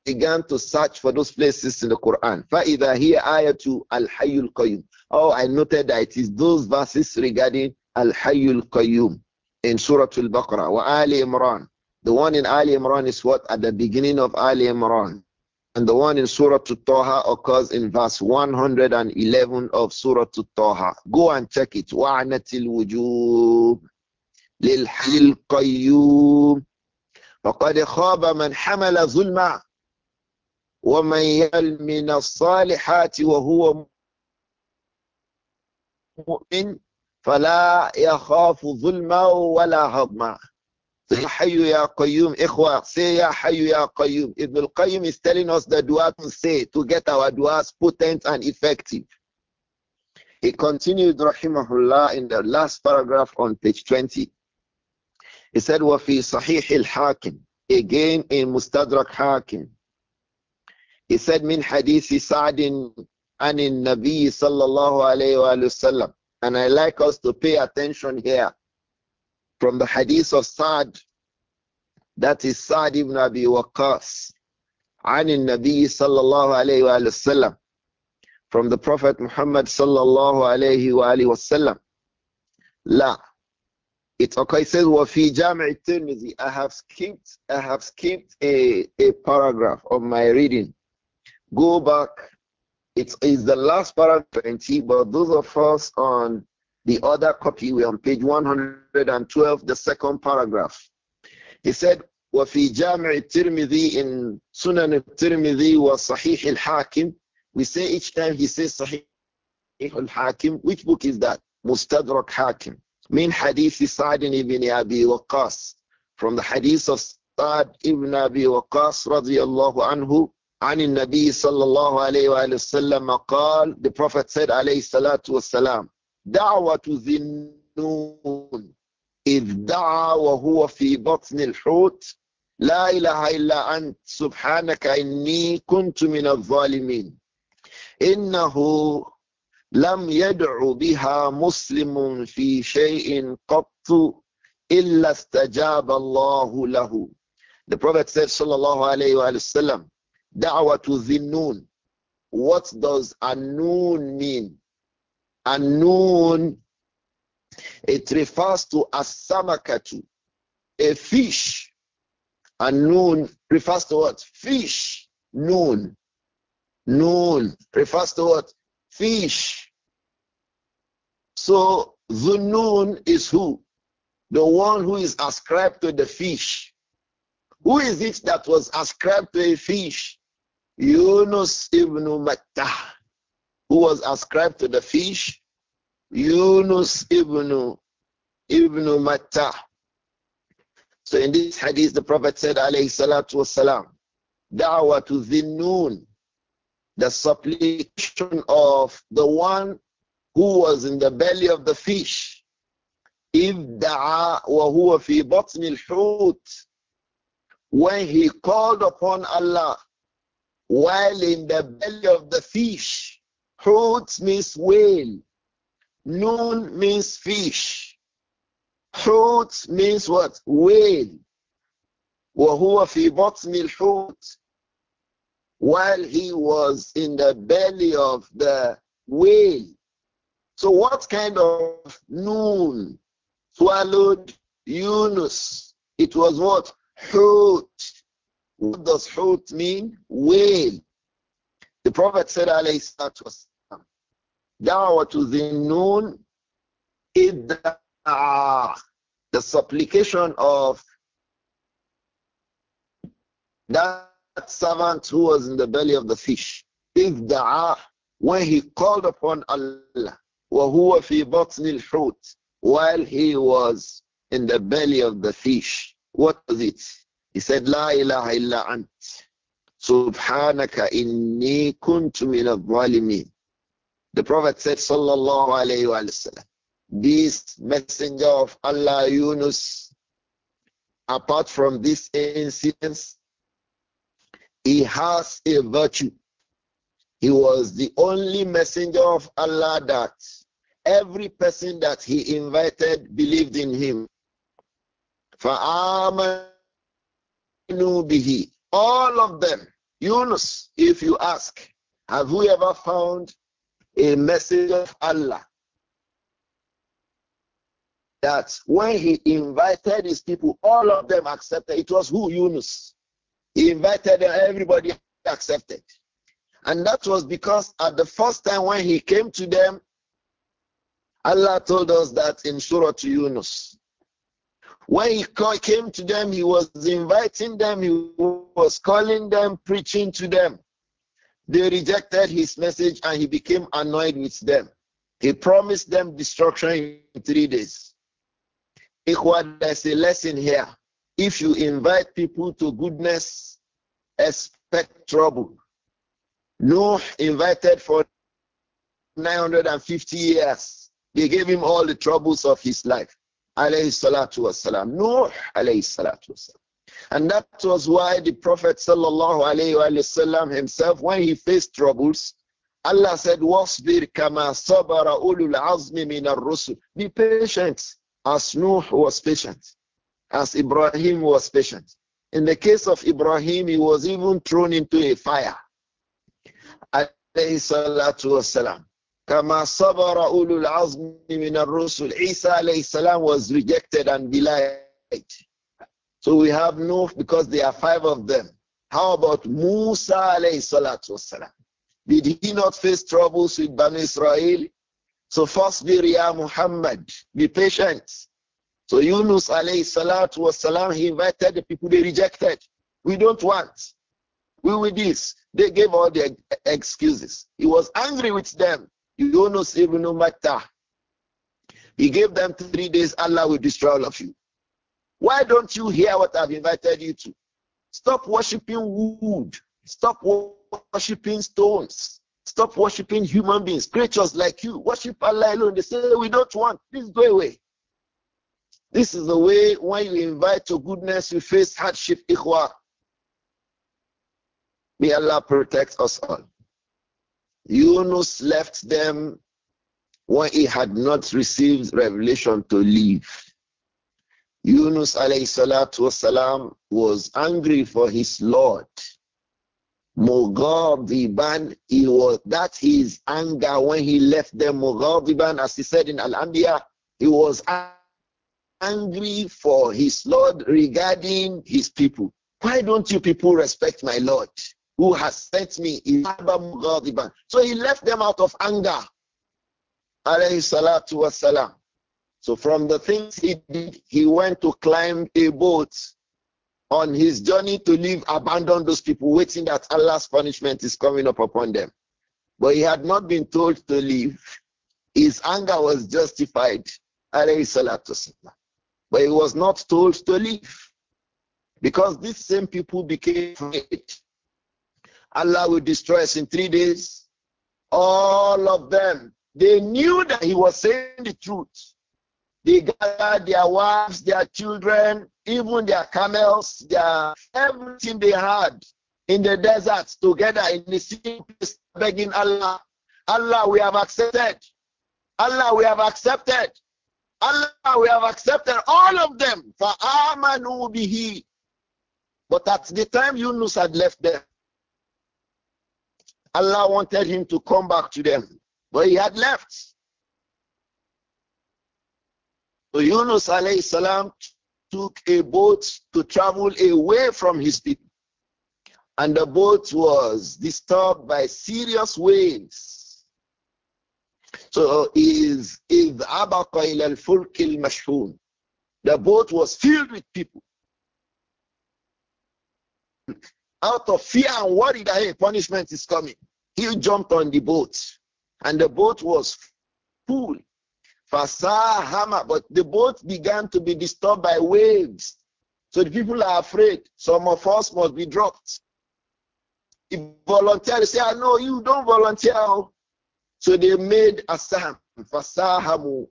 began to search for those places in the Quran. here هِيَ al hayyul Qayyum. Oh, I noted that it is those verses regarding Al-Hayy al-Qayyum in Surah Al-Baqarah wa Ali Imran. The one in Ali Imran is what? At the beginning of Ali Imran. And the one in Surah al occurs in verse 111 of Surah al Go and check it. وَعْنَتِ wujub. للحي القيوم فقد خاب من حمل ظلما ومن يل من الصالحات وهو مؤمن فلا يخاف ظلما ولا هضما يا حي يا قيوم إخوة سي يا حي يا قيوم ابن القيم is telling us the dua to say to get our duas potent and effective he continued رحمه الله in the last paragraph on page 20 He said, وَفِي صَحِيحِ الْحَاكِمِ Again in Mustadrak Hakim. He said, مِنْ حَدِيثِ سَعْدٍ عَنِ النَّبِيِّ صَلَّى اللَّهُ عَلَيْهِ وَسَلَّمَ And I like us to pay attention here from the hadith of Sa'd, that is Sa'd ibn Abi Waqqas, عن النبي صلى الله عليه وآله وسلم from the Prophet Muhammad صلى الله عليه وآله وسلم لا it's okay. It says, wafi جَامِعِ tirmidhi. I have skipped, I have skipped a, a paragraph of my reading. Go back. It is the last paragraph 20, but those of us on the other copy We're on page 112, the second paragraph. He said, وفي جامع tirmidhi in sunan tirmidhi wa sahih al hakim. we say each time he says sahih al hakim. which book is that Mustadrak hakim. من حديث سعد بن أبي وقاص from the hadith of Sa'd ibn Abi Waqas radiyallahu anhu عن النبي صلى الله عليه وآله وسلم قال the prophet said عليه الصلاة والسلام دعوة ذي النون إذ دعا وهو في بطن الحوت لا إله إلا أنت سبحانك إني كنت من الظالمين إنه لم يدع بها مسلم في شيء قط إلا استجاب الله له The Prophet said صلى الله عليه وآله وسلم دعوة الذنون What does النون mean? النون It refers to asamakatu, a fish. And noon refers to what? Fish. Noon. Noon refers to what? fish. So Zunun is who? The one who is ascribed to the fish. Who is it that was ascribed to a fish? Yunus ibn Matta. Who was ascribed to the fish? Yunus ibn ibn Matta. So in this hadith, the Prophet said, alayhi salatu wasalam, da'wa to Zunun the supplication of the one who was in the belly of the fish. When he called upon Allah while in the belly of the fish. Hut means whale. Noon means fish. Hut means what? Whale. وَهُوَ فِي بَطْنِ الْحُوتِ while he was in the belly of the whale. So, what kind of noon swallowed Yunus? It was what? Hoot. What does hoot mean? Whale. The Prophet said, alayhi salatu wasalam, Da'watu zinnun idda'a. The supplication of that servant who was in the belly of the fish, if when he called upon Allah, وَهُوَ فِي بَطْنِ الْحُوتِ while he was in the belly of the fish, what was it? He said, La ilaha illa ant. Subhanaka inni kuntu min al-zalimin. The Prophet said, Sallallahu alayhi wa sallam, this messenger of Allah, Yunus, apart from this incident, he has a virtue. He was the only messenger of Allah that every person that he invited believed in him. All of them. Yunus, if you ask, have we ever found a messenger of Allah that when he invited his people, all of them accepted? It was who? Yunus. He invited everybody accepted. And that was because at the first time when he came to them, Allah told us that in Surah to Yunus. When he came to them, he was inviting them, he was calling them, preaching to them. They rejected his message and he became annoyed with them. He promised them destruction in three days. Ikhwa, there's a lesson here. If you invite people to goodness, expect trouble. Noah invited for 950 years. They gave him all the troubles of his life. Alayhi salatu wasalam. Noah alayhi salatu wasalam. And that was why the Prophet sallallahu alayhi himself, when he faced troubles, Allah said, Wasbir kama sabara ulul azmi min ar-rusul. Be patient as Nuh was patient as Ibrahim was patient. In the case of Ibrahim, he was even thrown into a fire. Isa salatu wasalam. كما صبر أولو العزم من الرسل عيسى عليه was rejected and belied so we have no because there are five of them how about Musa did he not face troubles with Banu Israel so first be Muhammad be patient so Yunus alayhi salatu was salam, he invited the people, they rejected. We don't want. We with this. They gave all the excuses. He was angry with them. Yunus ibn Matta. He gave them three days, Allah will destroy all of you. Why don't you hear what I've invited you to? Stop worshipping wood. Stop worshipping stones. Stop worshipping human beings, creatures like you. Worship Allah alone. They say, We don't want. Please go away. This is the way when you invite to goodness, you face hardship, ikhwa. May Allah protect us all. Yunus left them when he had not received revelation to leave. Yunus alayhi was angry for his Lord. Mughadiban, he was that is anger when he left them. Mughadiban, as he said in Al Anbiya, he was angry for his Lord regarding his people. Why don't you people respect my Lord who has sent me? So he left them out of anger. So from the things he did, he went to climb a boat on his journey to leave, abandon those people, waiting that Allah's punishment is coming up upon them. But he had not been told to leave. His anger was justified. But he was not told to leave. Because these same people became afraid. Allah will destroy us in three days. All of them, they knew that he was saying the truth. They gathered their wives, their children, even their camels, their everything they had in the desert together in the same place, begging Allah, Allah, we have accepted. Allah, we have accepted. Allah, we have accepted all of them. for be he. But at the time Yunus had left them, Allah wanted him to come back to them, but he had left. So Yunus alayhi salam took a boat to travel away from his people. And the boat was disturbed by serious waves. So is is abaqa ila al The boat was filled with people. Out of fear and worry that hey, punishment is coming, he jumped on the boat, and the boat was full. Fasahama, but the boat began to be disturbed by waves. So the people are afraid. Some of us must be dropped. If volunteer, say, I ah, know you don't volunteer. Oh. So they made a saham, fasahamu.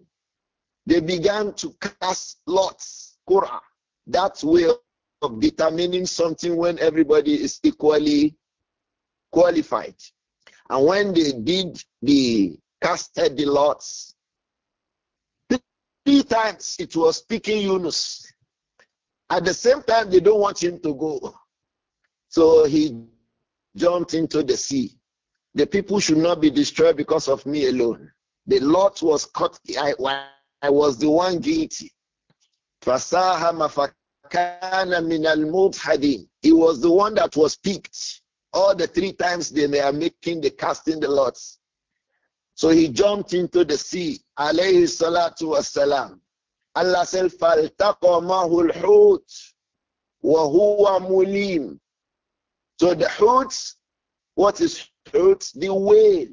They began to cast lots, qur'ah. That's way of determining something when everybody is equally qualified. And when they did the casted the lots, three times it was picking Yunus. At the same time, they don't want him to go. So he jumped into the sea. The people should not be destroyed because of me alone. The lot was cut. I, I was the one guilty. He was the one that was picked. All the three times they were making the casting the lots. So he jumped into the sea. Alayhi salatu wasalam. Allah said, فَالْتَقَمَهُ الْحُوتِ وَهُوَ مُلِيمٌ So the hoots, what is Hurt the whale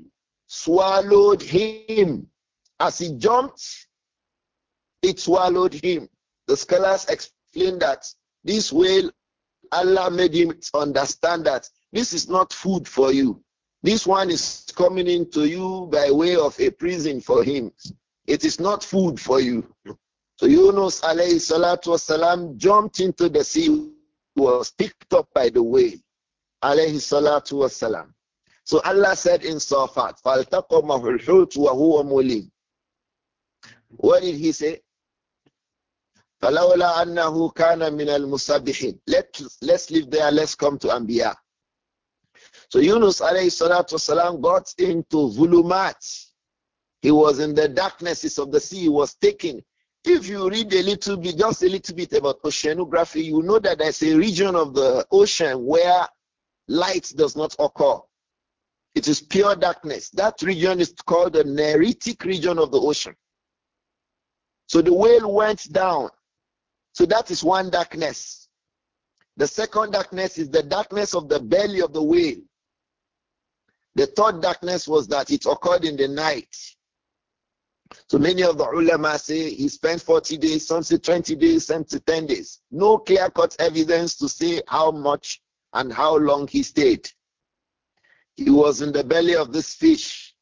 swallowed him. As he jumped, it swallowed him. The scholars explain that this whale, Allah made him understand that this is not food for you. This one is coming into you by way of a prison for him. It is not food for you. So Yunus alayhi salatu wasalam jumped into the sea, was picked up by the whale alayhi salatu wasalam. So Allah said in Safat, فَالْتَقَمَهُ الْحُوتُ وَهُوَ مُلِيمٌ What did he say? فَلَوْلَا أَنَّهُ كَانَ مِنَ الْمُسَبِّحِينَ Let's, let's leave there, let's come to Anbiya. So Yunus alayhi salatu salam, got into vulumat. He was in the darknesses of the sea, he was taken. If you read a little bit, just a little bit about oceanography, you know that there's a region of the ocean where light does not occur. It is pure darkness. That region is called the Neritic region of the ocean. So the whale went down. So that is one darkness. The second darkness is the darkness of the belly of the whale. The third darkness was that it occurred in the night. So many of the ulama say he spent 40 days, some say 20 days, some say 10 days. No clear cut evidence to say how much and how long he stayed. He was in the belly of this fish.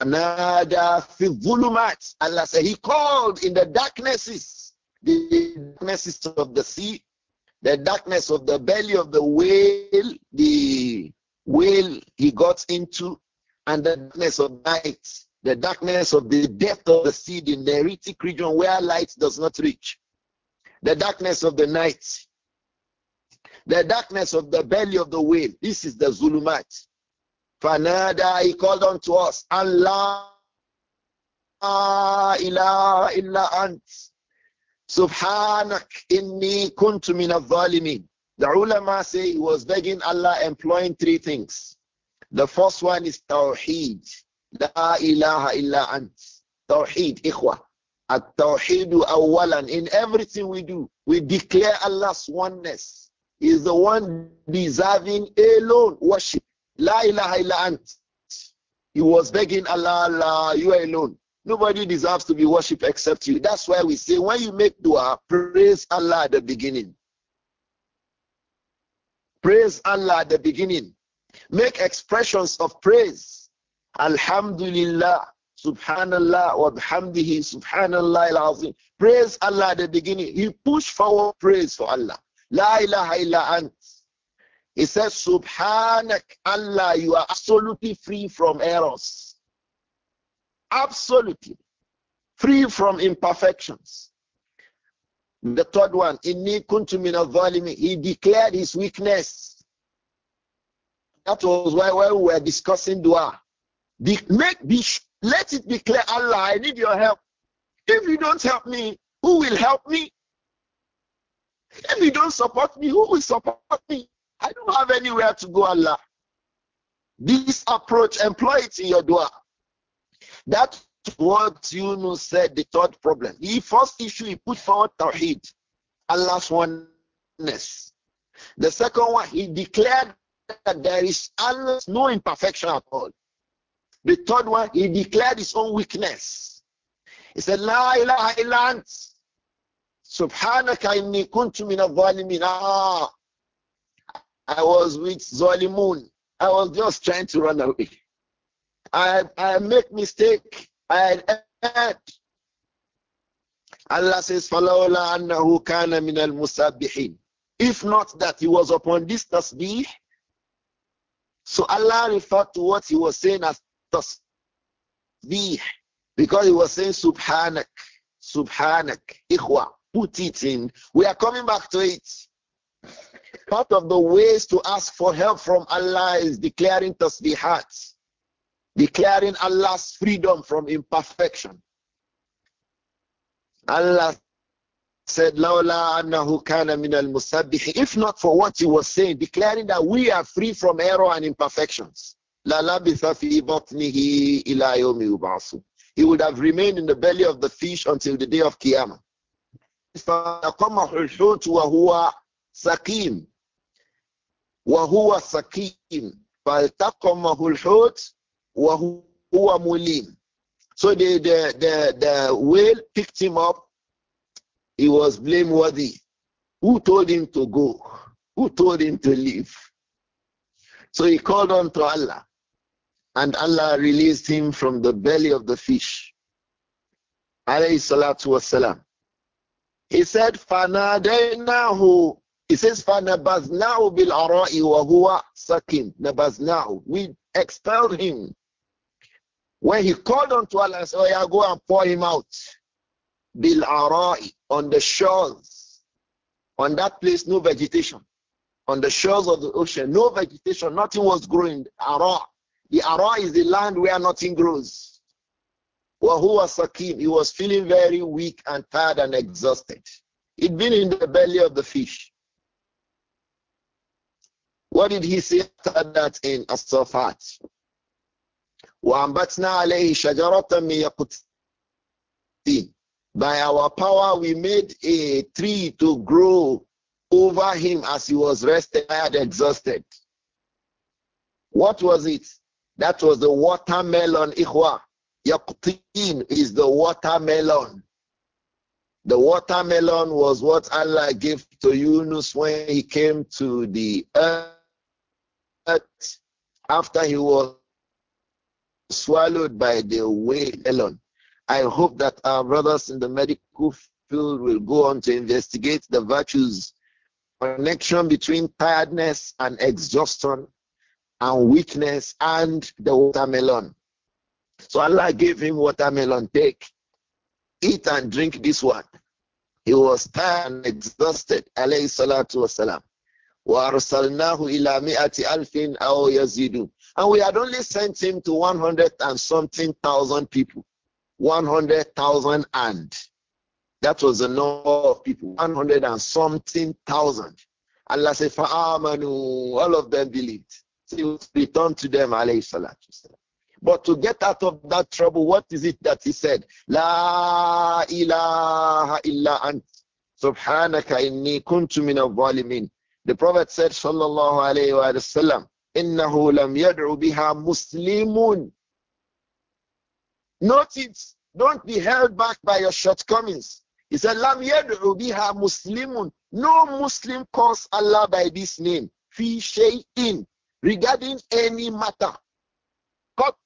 Another fivulumat. Allah said, He called in the darknesses, the darknesses of the sea, the darkness of the belly of the whale, the whale he got into, and the darkness of night, the darkness of the depth of the sea, the Neritic region where light does not reach, the darkness of the night, the darkness of the belly of the whale. This is the Zulumat. Fanada, he called unto us, Allah ilaha illa ant. Subhanak inni kuntu min al-zalimin. The ulama say he was begging Allah employing three things. The first one is tawheed. La ilaha illa ant. Tawheed, ikhwa. At-tawheedu Awalan. In everything we do, we declare Allah's oneness is the one deserving alone worship. La ilaha illa ant. He was begging Allah, Allah, you are alone. Nobody deserves to be worshipped except you. That's why we say when you make dua, praise Allah at the beginning. Praise Allah at the beginning. Make expressions of praise. Alhamdulillah, Subhanallah, wa bihamdihi, Subhanallah Praise Allah at the beginning. You push forward praise for Allah. La ilaha illa ant. He says, Subhanak Allah, you are absolutely free from errors. Absolutely free from imperfections. The third one, Inni kuntu min he declared his weakness. That was why when we were discussing dua, be, make, be, let it be clear, Allah, I need your help. If you don't help me, who will help me? If you don't support me, who will support me? I don't have anywhere to go, Allah. This approach, employ it in your dua. That's what Yunus said, the third problem. The first issue he put forward, Tawheed, Allah's oneness. The second one, he declared that there is Allah's no imperfection at all. The third one, he declared his own weakness. He said, La ilaha illa Subhanaka inni kuntu min al-zalimin. I was with Zalimun. I was just trying to run away. I, I make mistake. I had Allah says, فَلَوْلَا أَنَّهُ كَانَ مِنَ الْمُسَبِّحِينَ If not that he was upon this tasbih, so Allah referred to what he was saying as tasbih, because he was saying, Subhanak, Subhanak, Ikhwa put it in, we are coming back to it. Part of the ways to ask for help from Allah is declaring hearts, declaring Allah's freedom from imperfection. Allah said, Laula annahu kana min al musabbih. If not for what he was saying, declaring that we are free from error and imperfections. La labitha fi batnihi ila yawmi yub'asu. He would have remained in the belly of the fish until the day of Qiyamah. الْحُوتُ وَهُوَ وَهُوَ فَالْتَقَمَهُ الْحُوتُ وَهُوَ مُلِيمٌ So the, the, the, the whale picked him up. He was blameworthy. Who told him to go? Who told him to leave? So he called on to Allah, and Allah released him from the belly of the fish. Alayhi salatu wasalam. He said, فَنَادَيْنَاهُ He says, arai wa huwa sakin. نَبَذْنَاهُ We expelled him. When he called unto Allah and said, oh, yeah, go and pour him out. arai On the shores. On that place, no vegetation. On the shores of the ocean, no vegetation. Nothing was growing. Ara. The Ara is the land where nothing grows. Wahua Sakim, he was feeling very weak and tired and exhausted. He'd been in the belly of the fish. What did he say after that in Asafat? By our power we made a tree to grow over him as he was rested and exhausted. What was it? That was the watermelon, ikhwa. Yaqtin is the watermelon. The watermelon was what Allah gave to Yunus when he came to the earth after he was swallowed by the whale. I hope that our brothers in the medical field will go on to investigate the virtues connection between tiredness and exhaustion and weakness and the watermelon. So Allah gave him watermelon, take, eat and drink this one. He was tired and exhausted, alayhi salatu wasalam. وَأَرْسَلْنَاهُ إِلَى مِئَةِ أَلْفٍ أَوْ يَزِيدُ And we had only sent him to 100 and something thousand people. 100,000 and. That was the number of people. 100 and something thousand. Allah said, فَآمَنُوا All of them believed. So he returned to them, alayhi salatu wasalam. But to get out of that trouble, what is it that he said? La ilaha illa ant. Subhanaka inni kuntu min al-zalimin. The Prophet said, sallallahu alayhi wa sallam, innahu lam yad'u biha muslimun. Notice, Don't be held back by your shortcomings. He said, lam yad'u biha muslimun. No Muslim calls Allah by this name. Fi shay'in. Regarding any matter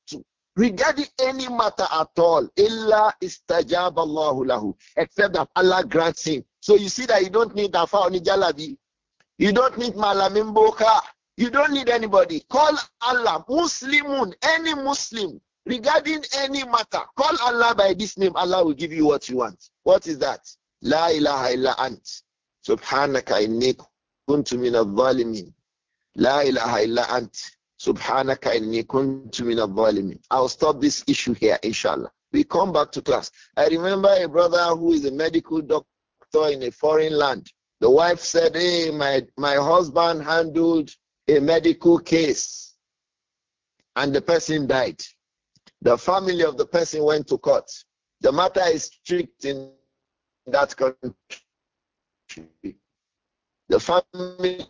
to regarding any matter at all, illa istajab Allahu lahu, except that Allah grants him. So you see that you don't need Afa Onijalabi, you don't need malamimboka. you don't need anybody. Call Allah, Muslimun, any Muslim, regarding any matter. Call Allah by this name, Allah will give you what you want. What is that? La ilaha illa ant. Subhanaka inni kuntu min al La ilaha illa ant. Subhanaka inni kuntu min al I'll stop this issue here, inshallah. We come back to class. I remember a brother who is a medical doctor in a foreign land. The wife said, Hey, my, my husband handled a medical case and the person died. The family of the person went to court. The matter is strict in that country. The family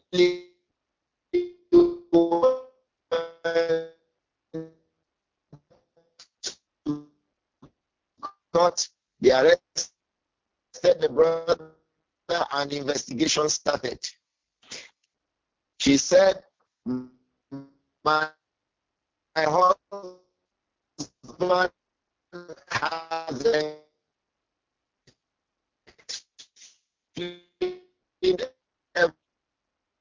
thought they arrested the brother and investigation started. She said, My, my husband has a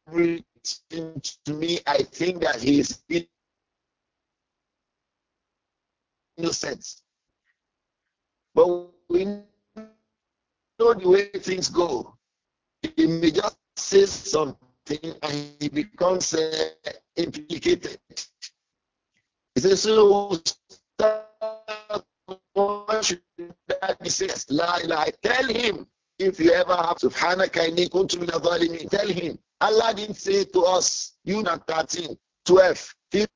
everything to me. I think that he is innocent. But we know the way things go. He may just say something and he becomes uh, implicated. He says, So, what should that be said? Lie, lie. Tell him if you ever have Subhanaka inni kuntu me. Tell him. Allah didn't say to us, you not 13, 12, 15.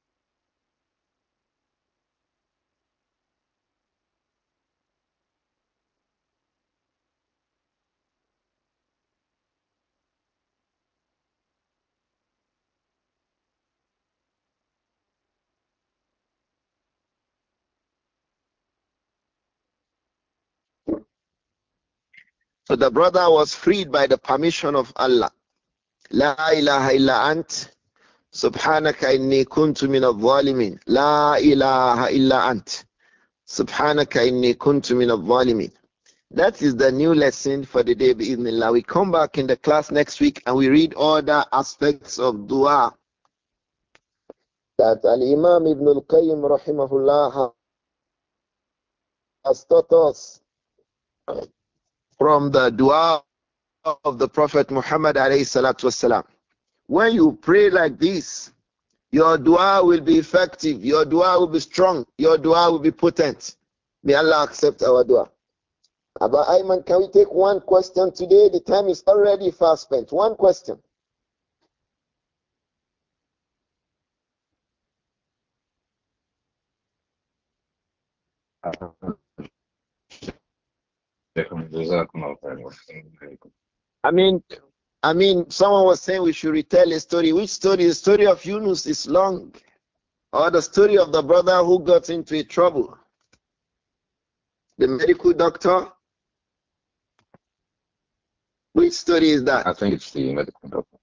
So the brother was freed by the permission of Allah. La ilaha illa ant. Subhanaka inni kuntu min al-zalimin. La ilaha illa ant. Subhanaka inni kuntu min al-zalimin. That is the new lesson for the day bi'idhnillah. We come back in the class next week and we read other aspects of dua that Al-Imam Ibn Al-Qayyim rahimahullah has taught us from the dua of the Prophet Muhammad When you pray like this, your dua will be effective, your dua will be strong, your dua will be potent. May Allah accept our dua. Abba Ayman, can we take one question today? The time is already fast spent. One question. Uh, I mean, I mean, someone was saying we should retell a story. Which story? The story of Yunus is long, or the story of the brother who got into a trouble, the medical doctor. Which story is that? I think it's the medical doctor.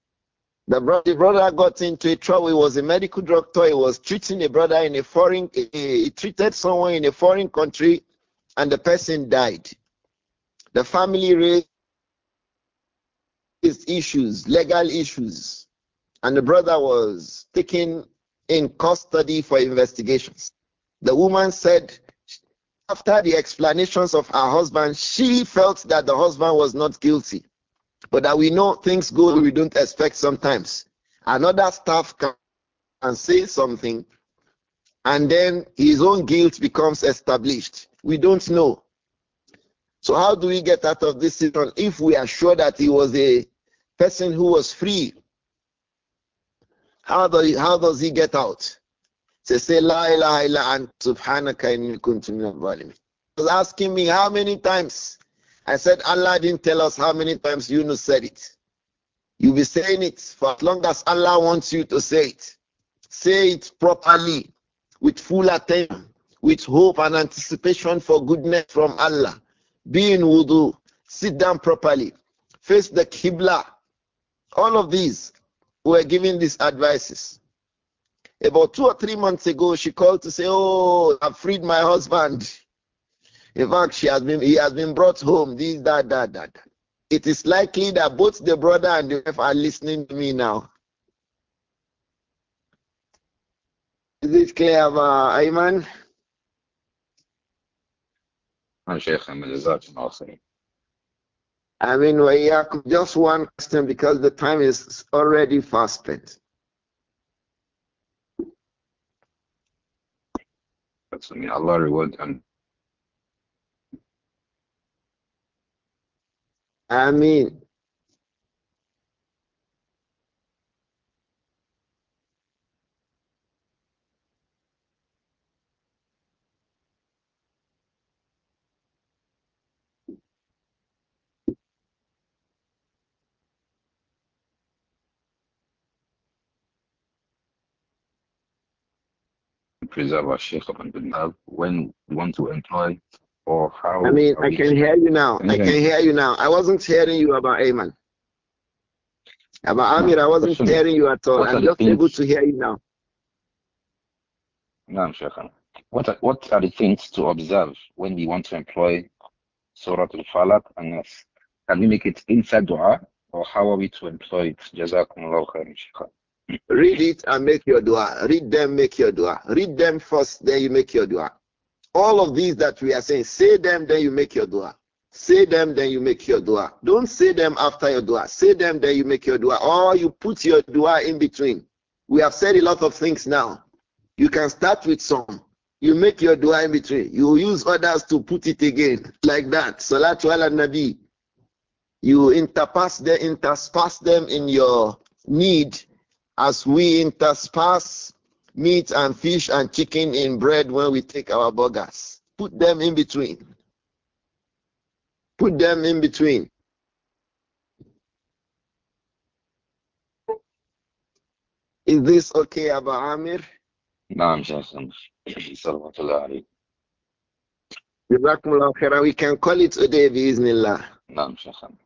The, bro- the brother got into a trouble. He was a medical doctor. He was treating a brother in a foreign. He, he treated someone in a foreign country, and the person died. The family raised issues, legal issues, and the brother was taken in custody for investigations. The woman said, after the explanations of her husband, she felt that the husband was not guilty. But that we know things go we don't expect sometimes. Another staff can, can say something, and then his own guilt becomes established. We don't know. So, how do we get out of this situation if we are sure that he was a person who was free? How, do, how does he get out? They say, La ilaha illa ant subhanaka inni was asking me how many times. I said, Allah didn't tell us how many times Yunus said it. You'll be saying it for as long as Allah wants you to say it. Say it properly, with full attention, with hope and anticipation for goodness from Allah be in wudu, sit down properly, face the Qibla. All of these were giving these advices. About two or three months ago, she called to say, Oh, I've freed my husband. In fact, she has been, he has been brought home. This, that, that, that. It is likely that both the brother and the wife are listening to me now. Is it clear, uh, I mean, just one question because the time is already fast spent. That's me. Allah reward them. I mean, preserve our Shaykh Ibn Bilal when we want to employ or how. I mean, I can hear you now. I can hear you now. I wasn't hearing you about Ayman. About Amir, I wasn't hearing you at all. I'm just able to hear you now. No, Shaykh. What are, what are the things to observe when we want to employ Surah Al-Falaq and us? Can we make it inside dua or how are we to employ it? Jazakumullah khairan, Read it and make your dua. Read them, make your dua. Read them first, then you make your dua. All of these that we are saying, say them, then you make your dua. Say them, then you make your dua. Don't say them after your dua. Say them, then you make your dua. Or you put your dua in between. We have said a lot of things now. You can start with some. You make your dua in between. You use others to put it again, like that. Salatu ala nabi. You interpass them, intersperse them in your need as we intersperse meat and fish and chicken in bread when we take our burgers. Put them in between. Put them in between. Is this okay, Abu Amir? No, I'm just we can call it a day بإذن الله نعم شيخنا